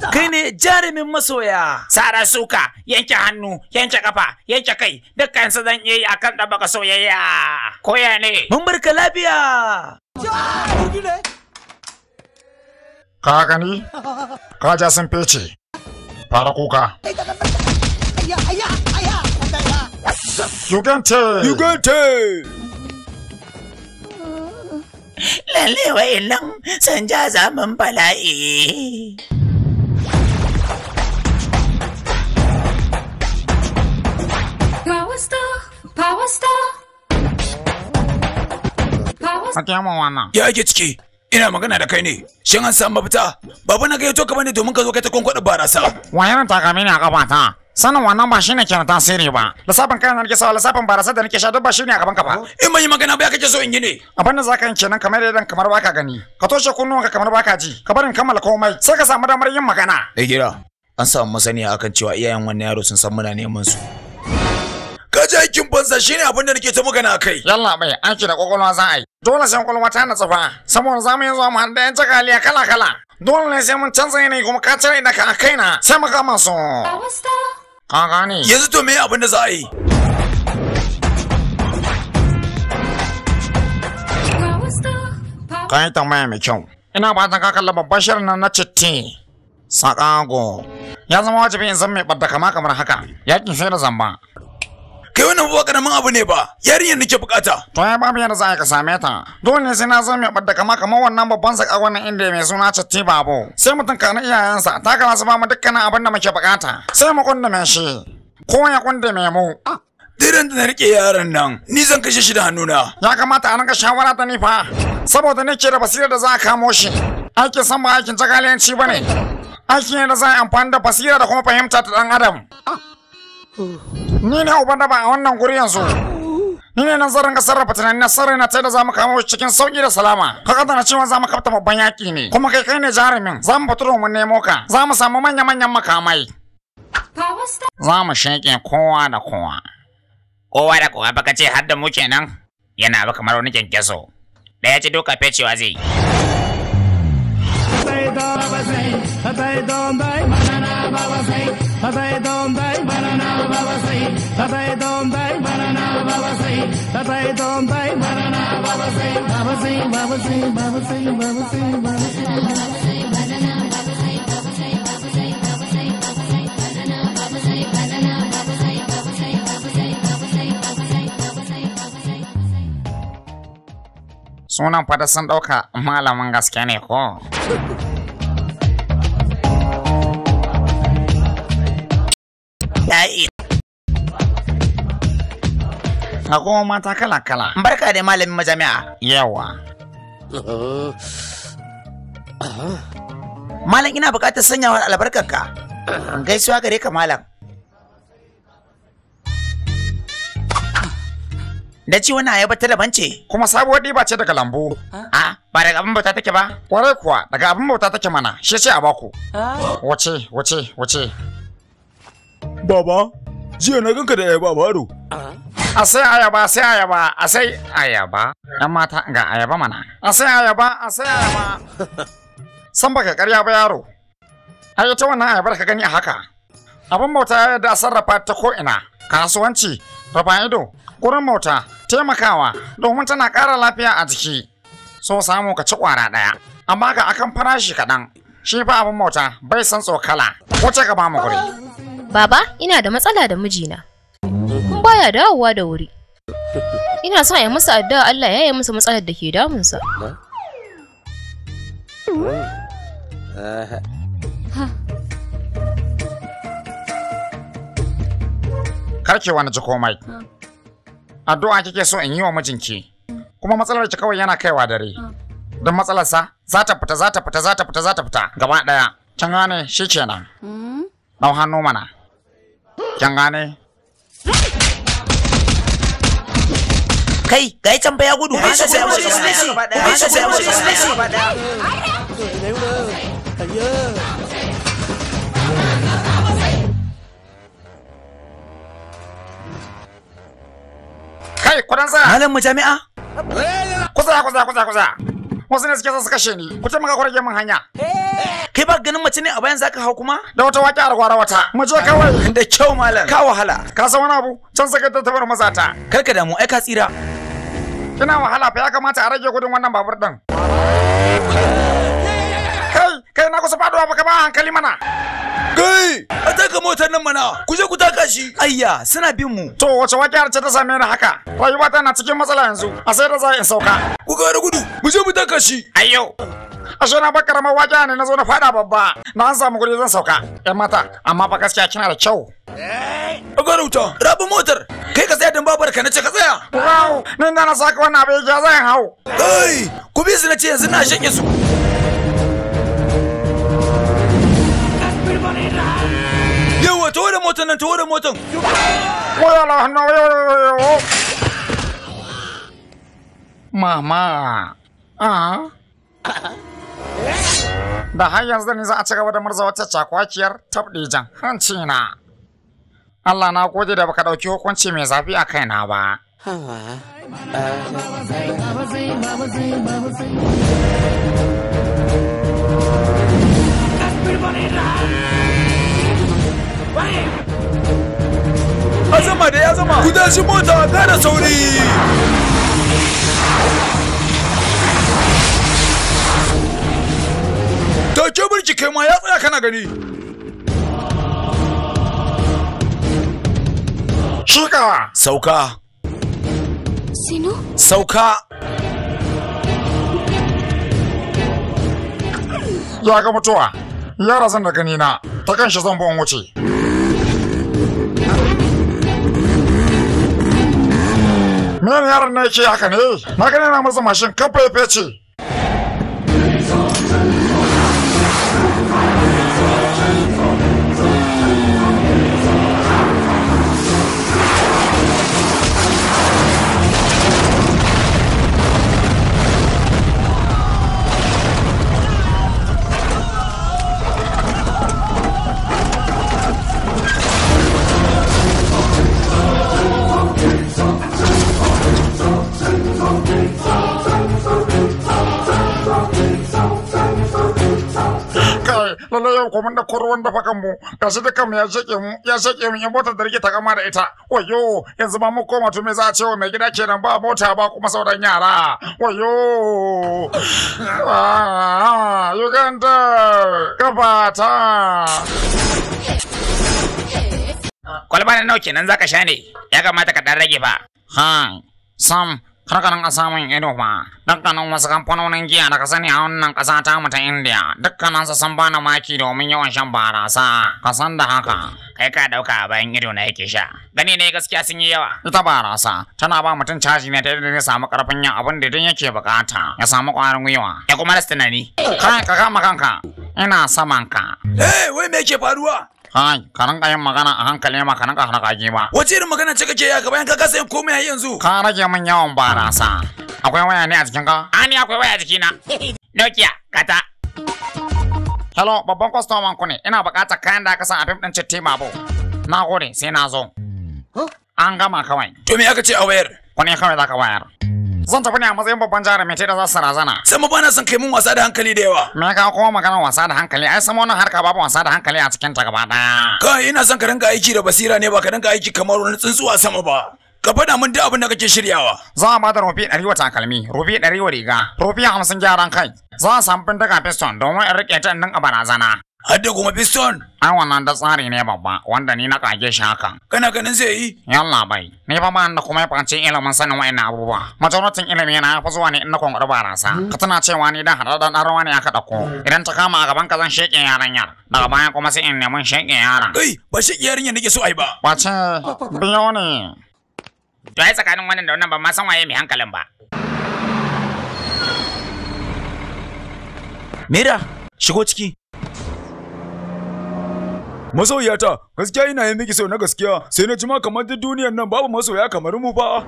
kai ne jarumin masoya sara suka yanke hannu yanke kafa yanke kai dukkan su zan yi akan maka soyayya. Koya ne. Mun barka lafiya. Ka gani? Ka ja sun fece. Fara kuka. Ugante! Ugante! Lalle wa'in nan sun ja zaman bala'i. Power Star? Power Star? wannan. Ya ake ciki? Ina magana da kai ne. Shin an samu mafita? Baba na gayyato ka bane domin ka zo kai ta kwankwada barasa. Wayar ta kame ne a kafata. Sanin wannan ba shine kenan tasiri ba. Lissafin kayan nake sawa lissafin barasa da nake sha duk ba shine a gaban ka ba. In ban yi magana ba ya kake so in yi ne. Abin da ka yi kenan kamar yadda kamar baka gani. Ka toshe kunnuwanka kamar baka ji. Ka barin kammala komai sai ka samu damar yin magana. Eh gida. An samu masaniya akan cewa iyayen wannan yaro sun san muna neman su. na ji aikin banza shine abin da nake ta magana kai yalla bai aiki da kokolwa za a yi dole sai kokolwa ta natsu fa saboda zamu yanzu mu handa yan jakaliya kala kala dole ne sai mun canza yanayi kuma ka tare da ka kaina sai mu kama su ka gane yanzu to me abin da za a yi Ka yi tambaya mai kyau. Ina fatan ka kalla babban shirin nan na citti. Sakago. Ya zama wajibi in san mai ɓadda kama kamar haka. Yakin sai da zamba. kai wannan ba karamin abu ne ba yarinyar nake bukata to ya babu yadda za ka same ta dole sai na zo mai bada kama kamar wannan babban saka wannan inda mai suna Chatti Babo sai mutum kana iyayensa ta kana su ba mu dukkanin abin da muke bukata sai mu mai shi ko ya mai mu Diran da na rike yaran nan, ni zan kashe shi da hannuna. Ya kamata a ranka shawara ta nifa fa, saboda ke da basira da za a kamo shi. Aikin san ba aikin jagalanci ba ne. Aiki ne da za a amfani da basira da kuma fahimta ta ɗan adam. Ni ne uban da ba a wannan guri yanzu. Ni ne nan zarin rafa tunanin na sarrai na ta da zamu kama shi cikin sauki da salama. Ka kada na cewa zamu kafta babban yaki ne. Kuma kai kai ne jarumin. Zamu fito mu nemo ka. Zamu samu manya-manyan makamai. Zamu sheke kowa da kowa. Kowa da kowa baka ce har da mu kenan. Yana ba kamar wani kyankyaso. ya ce doka fecewa zai yi. Sai don bai, sai don bai, manana baba sai, sai don bai. Baba Sai, Tatai Dom Dai Marana Baba Sai, Tatai Sunan fata sun ɗauka malamin gaske ne ko? ga kuma mata kala kala barka da malamin majami'a yawa malam ina buƙatar sanyawar albarkarka gaisuwa gare ka malam da ci wani ayaba ta daban ce kuma sabuwar ba ce daga lambu a ba daga abin bauta take ba kwarai kuwa daga abin bauta take mana shi ce a baku wace wace wace baba jiya na ganka da ayaba baro a ayaba sai ayaba a ayaba yan mata ga ayaba mana a ayaba a ayaba san baka karya ba yaro ai ita wannan ayabar ka gani a haka abin bauta ya yarda sarrafa ta ko ina kasuwanci rafa ido gurin mota taimakawa domin tana ƙara lafiya a jiki so samu ka ci ƙwara ɗaya amma ga akan farashi kaɗan shi fa abin mota bai san tsokala wuce ka ba mu guri baba ina da matsala da mijina baya dawowa da wuri ina sa ya masa addu'a Allah ya yi masa matsalar da ke damunsa karki wani ji komai addu'a kike so in yi wa mijinki kuma matsalar ki kawai yana kaiwa dare don matsalarsa za ta fita za ta fita za ta fita za ta fita gaba ɗaya. kin gane shi kenan dan hmm? hannu mana kin gane kai ga yi can fa ya gudu ba sai ya wuce ba sai ya wuce ba kai kudan sa malam mu jami'a kusa kusa kusa kusa wasu ne suke sa suka kashe ni ku ce maka rage min hanya kai ba ganin mace ne a bayan zaka hau kuma da wata waki a rawa wata mu je kawai da kyau malam ka wahala ka san wani abu can saka ta tabar mazata kar ka damu ai ka tsira Kina wahala fa ya kamata a rage gudun wannan babur din. Kai, kai na kusa faduwa baka ba hankali mana. Kai! A taka motar nan mana, ku je ku taka shi. Ayya, suna bin mu. To wace wakiyar ce ta same ni haka? Rayuwa tana cikin matsala yanzu, a sai da za in sauka. Ku gara gudu, mu je mu taka shi. Ayyo. ashe na bakar ma waje ne na zo na fada babba na an samu kuɗi zan sauka yan mata amma fa gaskiya kina da kyau garauta rabu motar kai ka tsaya dan babar ka ce ka tsaya wow nan na saka wannan abin ya zan hau kai ku bi su ce yanzu na shanye su taho da motan nan taho da motan mama a da har yanzu ne za a ci gaba da murza wata cakwakiyar tabdijan hanci na Allah na gode da baka ɗauki hukunci mai zafi a kaina ba. Everybody azama da ya zama ku shi mota kada sauri Dauke burki kai ma ya tsaya kana gani. Shuka! Sauka! Sino? Sauka! Ya ga mutuwa, yara zan da gani na, ta kan shi zan bon wuce. miyan yaron na yake haka ne na gani na masa mashin kan fefe ce yau kuma mun da korwan kanmu gashi mu ya shake mu ya shake mu ya mota da rike ta kama da ita wayo yanzu ma mu koma to me za a ce wa mai gida kenan ba mota ba kuma sauran yara wayo ah, Uganda kabata kwalba na nawa kenan zaka sha ne ya kamata ka dan rage ba ha sam kar ka dinga samun ido ba dukkanin wasu kamfanonin giya da ka sani a wannan ta mu ta indiya dukkanin su sun bani maki domin yawan shan barasa ka san da haka kai ka dauka a bayan ido na yake sha gani ne gaskiya sun yi yawa ita barasa tana ba mutum caji ne ta yadda zai samu karfin yin abin da idan yake bukata ya samu ƙwarin gwiwa ya kuma rasa tunani ka kama kanka ina saman ka eh wai me yake faruwa Hai, karan kayan magana a hankali ma kanan ka hana kage ba. Wace irin magana ce kake ya gaba yan ka kasa yin komai a yanzu? Ka rage min yawan barasa. Akwai waya ne a jikin ka? A ni akwai waya a jikina. Nokia, kata. Hello, babban customer ku ne. Ina buƙatar kayan da aka san a fim ɗin citti bo. Na gode, sai na zo. An gama kawai. To me aka ce a wayar? Ku ne kawai za ka wayar. Zan tafi ne a matsayin babban jarumi da za su razana. Sai mu bana son kai mun wasa da hankali da yawa. Me ka kuma magana wasa da hankali ai sama wannan harka babu wasa da hankali a cikin ta gaba daya. Kai ina son ka rinka aiki da basira ne ba ka rinka aiki kamar wani tsuntsuwa sama ba. ka faɗa min duk abin da kake shiryawa. Za a bada rufi ɗari wa takalmi, rufi ɗari wa riga, rufi hamsin gyaran kai. Za a samu bindiga piston domin in riƙe ta nan a barazana. Hadda kuma piston? Ai wannan da tsari ne babba wanda ni na kage shi hakan. Kana ganin zai yi? Yalla bai. Ni ba ma na kuma ya ilimin sanin wa'annan abubuwa. Majalatin ilimi na yafi zuwa ne in na kwankwaɗi barasa. Hmm. Ka tana cewa ni da haɗaɗɗen ɗan rawa ne aka ɗauko. Hmm. Idan ta kama a gaban ka zan sheƙe yaran yar. Daga baya kuma sai in neman sheƙe yaran. Kai ba sheƙe yarinya nake so ai ba. Wace biyo ne. To ai tsakanin wannan da wannan ban ma san waye mai hankalin ba. Mira, shigo ciki. masoyata gaskiya ina yi miki sau na gaskiya sai na ji ma kamar duk duniyar nan babu masoya kamar mu ba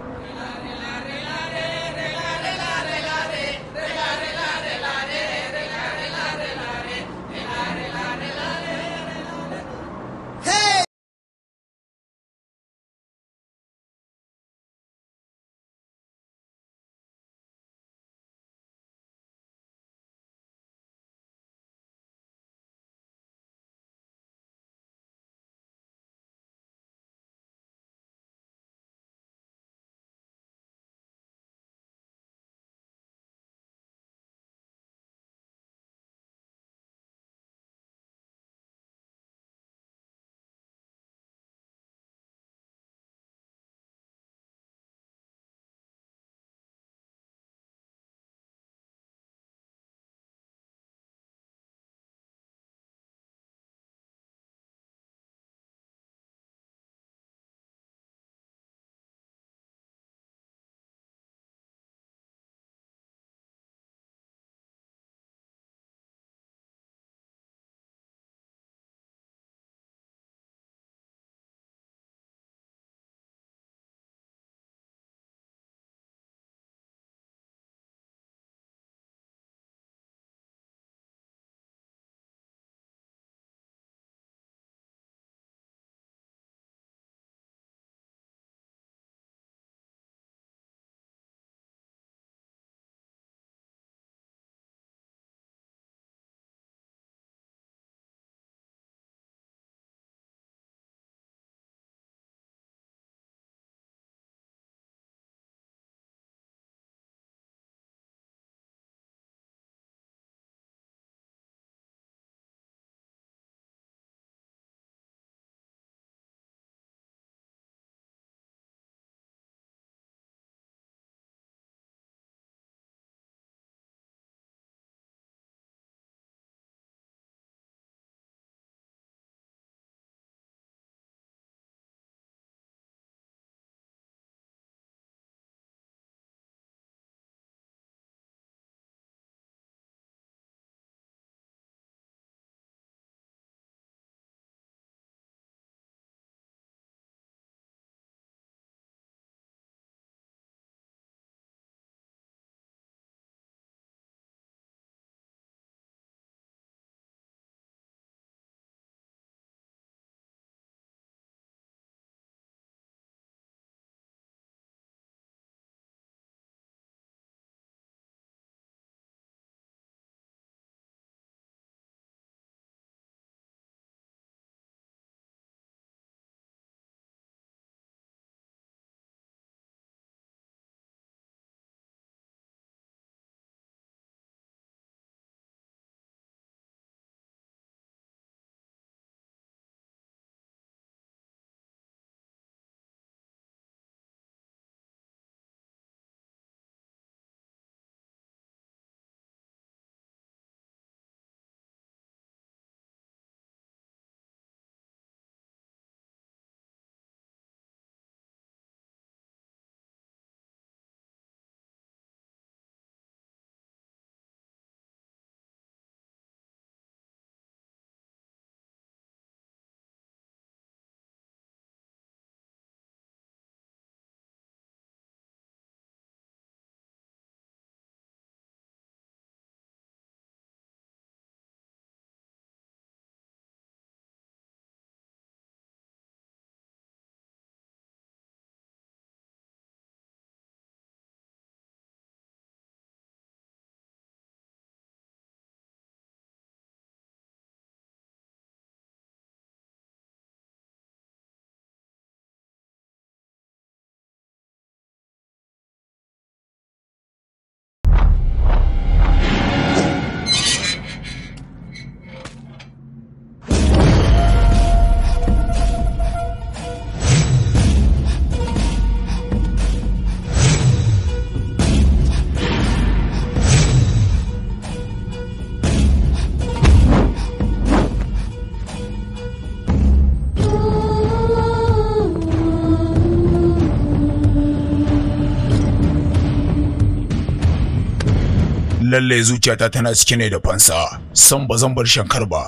lalle zuciyata tana cike ne da fansa san ba zan bar shankar ba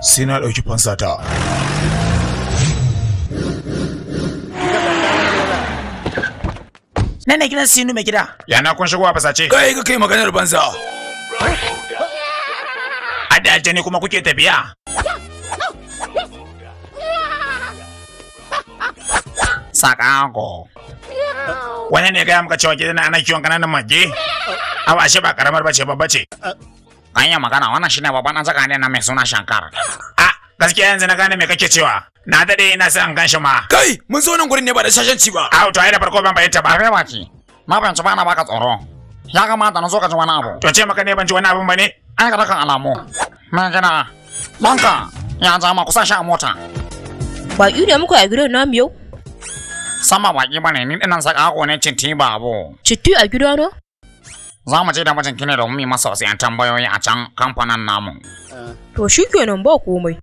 sai na ɗauki fansa ta Nan ne gidan Sinu mai gida. Ya na kun shigo a fasace. Kai ga kai maganar banza. A ne kuma kuke tafiya. Sakago. wani ne gaya maka cewa gidan ana kiwon kananan mage a ashe ba karamar bace ba bace? an yi magana wannan shine babban an saka ne na mai suna shankar a gaskiya yanzu na gane me kake cewa na daɗe ina son gan shi ma kai mun zo nan gurin ne ba da shashanci ba a to ai da farko ban bayyanta ba kai baki ma ban ci bana baka tsoro ya kamata na zo ka ji wani abu to ce maka ne ban ji wani abun ba ne an ga kan alamu ma gana banka ya zama kusa sha mota ba yi muku a gidan namu yau sama baki bane ni dinan ko ne citti babu citti a gida na za mu je da mijinki ne domin yi masa wasu 'yan tambayoyi a can kamfanin namu to shikenan ba komai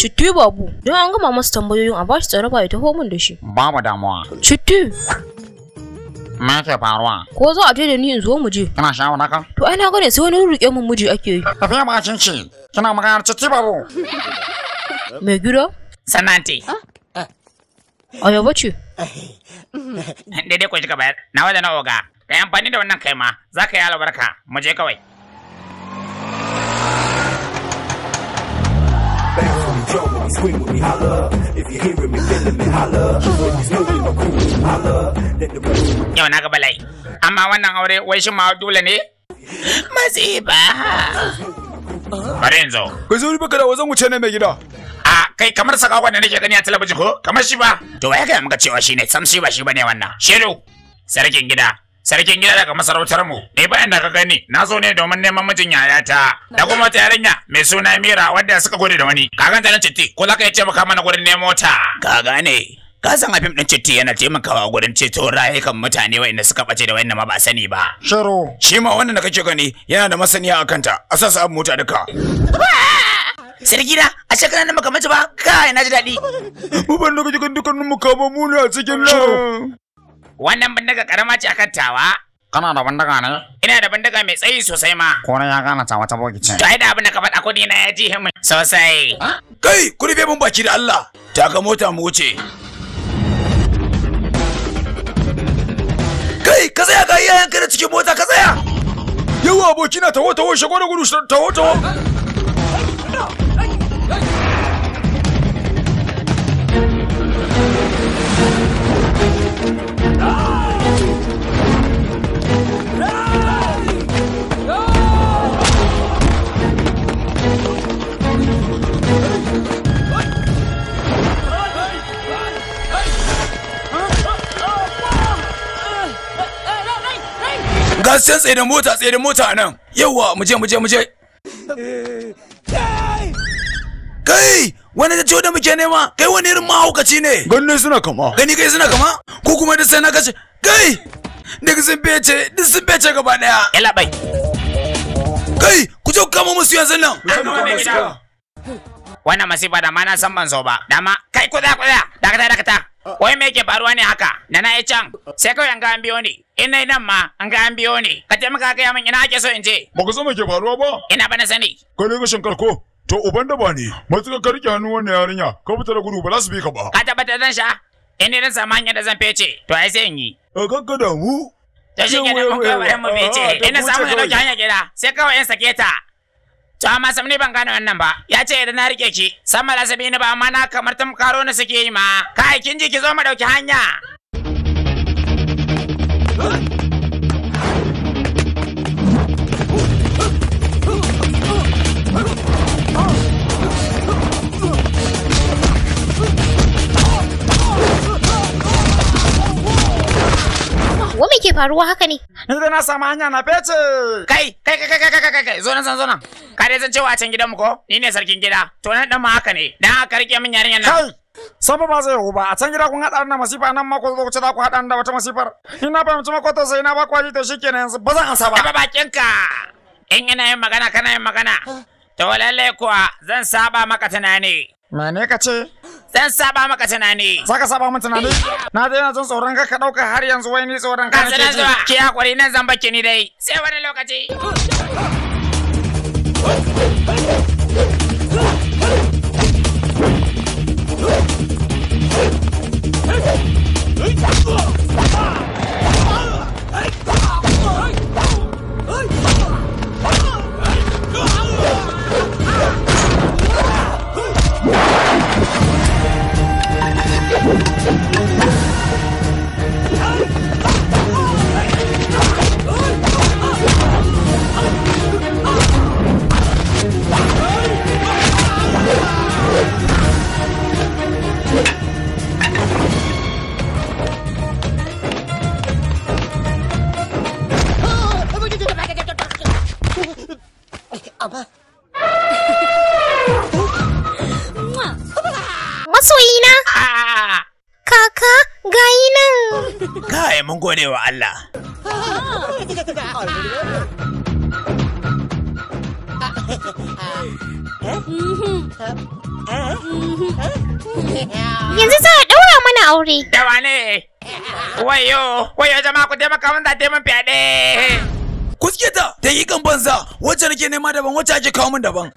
Citti babu, don an gama masa tambayoyin a bashi tsaraba ya taho min da shi. Babu damuwa. Citti. Ma ke faruwa? Ko za a je da ni in zo mu je? Kana shawo naka? To ai na gane sai wani ruƙe mun miji ake yi. Tafiya ba cin ci. Kana magana citti babu. Mai gida? Samanti. Ah, ah. Oyo bacu. Eh, daidai ku shiga bayar, na wajen nawa oga ka yi amfani da wannan kaima za ka yi albarka, mu je kawai. Scream with me, holla. If Yau na ga balai. Amma wannan aure wai shi ma dole ne? Bari yanzu. zo wazan wuce ne mai gida. kai kamar saka wanda nake gani a talabijin ko kamar shi ba to ya gaya muka cewa shine sam shi ba shi bane wannan shedo sarkin gida sarkin gida daga masarautar mu ne bayan da ka gani na zo ne domin neman mijin yayata da kuma wata yarinya mai suna Mira wadda suka gode da wani ganta na citti ko za ka iya taimaka mana gurin nemo ta ka gane ka san fim din citti yana taimakawa gurin ceto rayukan mutane wayanda suka bace da wa'inda ma ba sani ba shiro shi ma wannan da kake gani yana da masaniya akan ta a abu mota duka Sarki na a shekara na makamata ba kai na ji daɗi. Uban da kajikan dukkanin kama muni a cikin nan. Wannan bandaga karama ce akan tawa. Kana da bandaga ne? Ina da bandaga mai tsayi sosai ma. Ko ya gana tawa ta boki ce. To da abin da ka faɗa ko na ya ji himmi sosai. Kai ku rufe mun baki da Allah. Ta ga mota mu wuce. Kai ka tsaya ga iyayenka da cikin mota ka tsaya. Yawa abokina tawo tawo shago da gudu tawo tawo. ga su can tsaye mota tsaye mota a nan yawa mu je mu je mu je kai wani da ciwo da muke nema kai wani irin mahaukaci ne gani suna kama gani kai suna kama ko kuma da sai na kace kai duk sun bece duk sun bece gaba daya yala bai kai ku je ku kama musu yanzu nan wannan masifa da ma na san ban zo ba dama kai kuda kuda dakata dakata Wai me yake faruwa ne haka? Da na yi can, sai kawai an ga an biyo ni. In na nan ma an ga an biyo ni. Ka taimaka ka min ina ake so in je. Ba ka san me ke faruwa ba? Ina ba na sani. Ka ne gashin karko. To uban da ba ne. Matuƙa ka rike hannun wannan yarinya, ka fita da gudu ba za su bi ka ba. Ka tabbatar zan sha? In ne dan samu hanyar da zan fece, to ai sai in yi. A eh, kakka damu. Ta shi ke da mun kawai eh, mu fece. Eh, ina samu da dauki hanyar gida, sai kawai in sake ta. To amma sam ne ban gane wannan ba. Ya ce idan na rike ki, san malasabi ni ba amma na kamar karo na suke yi ma. Kai kin ji ki zo mu dauki hanya. faruwa haka ne? Yanzu na samu hanya na fece. Kai, kai, kai, kai, kai, kai, kai, zo nan, zo nan. Ka dai san cewa a can gidan mu ko? Ni ne sarkin gida. To nan dan ma haka ne. Dan haka rike min yarinyar nan. Kai, Sabu ba zai yiwu ba a can gida kun haɗa na masifa nan ma ku zo ku ci ku haɗa da wata masifar. In na fahimci makwata sai na ba ku aji to shikenan yanzu ba zan ansa ba. Ka bakin ka. In ina yin magana kana yin magana. To lalle kuwa zan saba maka tunani. Mane ka ce? Zan saba maka tunani. ka saba min tunani? Na dai na jin tsoron ka ka dauka har yanzu wai ni tsoron ka ke ji. Ki hakuri nan zan baki ni dai. Sai wani lokaci. amma na? Ah. kaka gayi nan kai mun gode wa Allah Yanzu za a ɗaura mana aure. Dawa ne, wayo, wayo jama'a ku taimaka mun da taimakon fyaɗe. kuske ta yi kan banza wacce nake nema daban wacce ake kawo min daban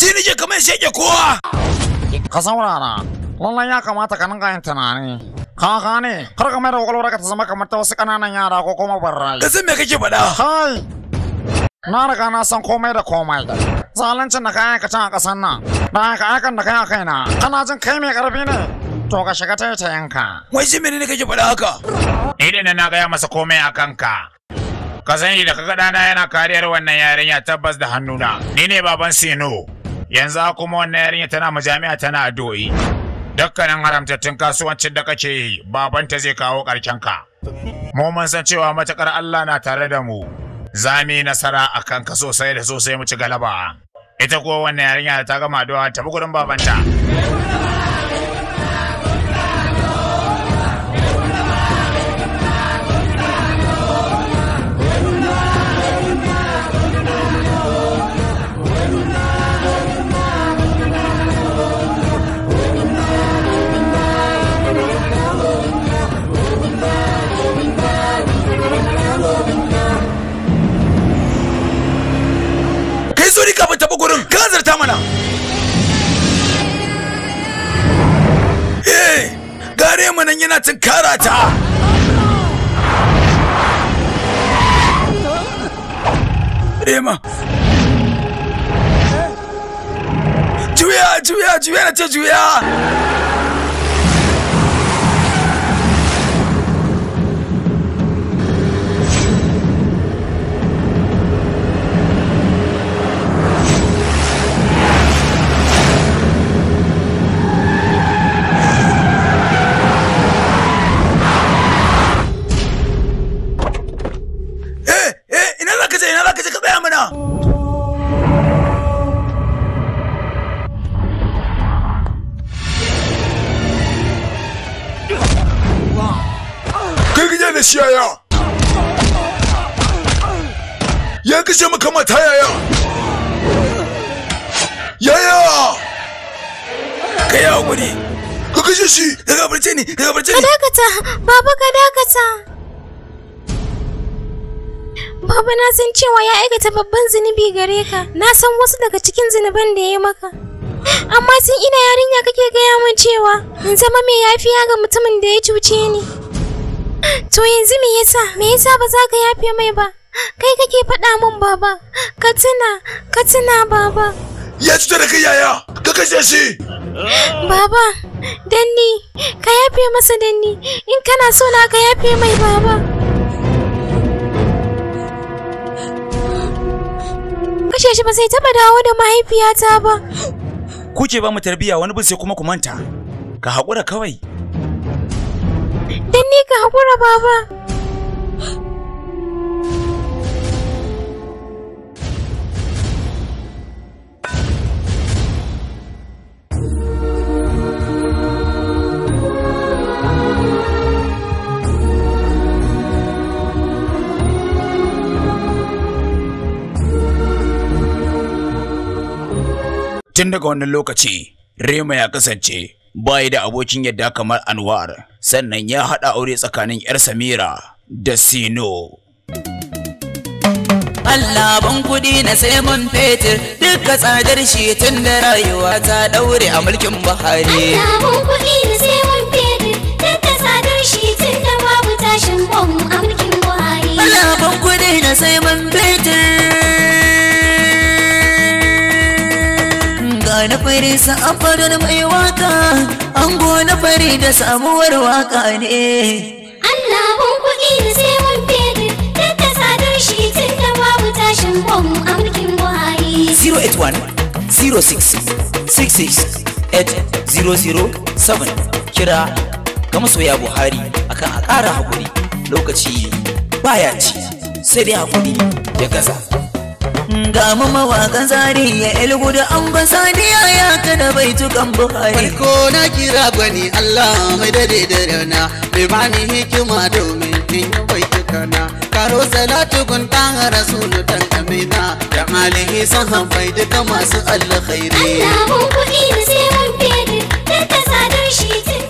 ji nake kamar sheke kowa ka saurara lallai ya kamata ka ninka yin tunani ka ne kar ka mai da kwakwalwar ka ta zama kamar ta wasu ƙananan yara ko kuma barrai ka san me kake faɗa kai na riga na san komai da komai zaluncin da kayan ka can a ƙasar nan da ka aikan da kayan kaina kana jin kai mai ƙarfi ne to ka shiga ta yanka. Wai shi menene kake faɗa haka? Ni da na gaya masa komai a kanka. Ka sani da kaga dana yana kariyar wannan yarinya tabbas da hannuna. Ni ne baban Sino. Yanzu kuma wannan yarinya tana majami'a tana addu'o'i. Dukkanin haramtattun kasuwancin da kake yi, babanta zai kawo karshen ka. Mu mun san cewa matakar Allah na tare da mu. Za mu nasara a ka sosai da sosai mu ci galaba. Ita kuwa wannan yarinya ta gama addu'a tafi gurin babanta. gurin gazarta mana eh gare mu nan yana tunkara ta rema juya juya juya na ce juya Baba ka dakata. Baba na san cewa ya aikata babban zunubi gare ka. Na san wasu daga cikin zunuban da ya maka. Amma sun ina yarinya kake gaya mun cewa in zama mai yafiya ga mutumin da ya cuce ni. To yanzu me yasa? Me yasa ba za ka yafe mai ba? Kai kake faɗa min baba. Ka tuna, ka tuna baba. Ya cuta da kai yaya, ka kashe shi. Baba, Danni, ka yafe masa danni, in kana so na ka yafe mai baba. Kashe shi ba sai taba dawo da mahaifiyata ba. Kuke ba mu tarbiyya wani bin sai kuma ku manta. Ka haƙura kawai. Danni ka haƙura baba. Tun daga wannan lokaci, Rema ya kasance bayi da abokin yadda kamar Anwar, sannan ya haɗa aure tsakanin 'yar Samira da Sino. Allah ban kudi na sai mun fetir duka tsadar shi tun da rayuwa ta daure a mulkin Buhari. Allah ban kudi na sai mun fetir duka tsadar shi tun da babu tashin bom a mulkin Buhari. Allah ban kudi na sai mun fetir na fari sa sa'afarin mai waka ango na fari da samuwar waka ne Allah bun kuɗi da sai mun fere duk sadar shi tun da babu tashin bom a mulkin Buhari 081 06 66 8007 kira ga masoya Buhari akan a ƙara haƙuri lokaci baya ci sai dai haƙuri ya gaza. ga mu mawakan zari ya ilgudu an ban ya kana bai tukan buhari ko na kira gwani. allah mai dade da rana bai bani hikima domin in bai tukana karo salatu gun hara sunu dan amina da alihi hanfai duka masu alkhairi allah mun da sai mun da ta sadar shi tun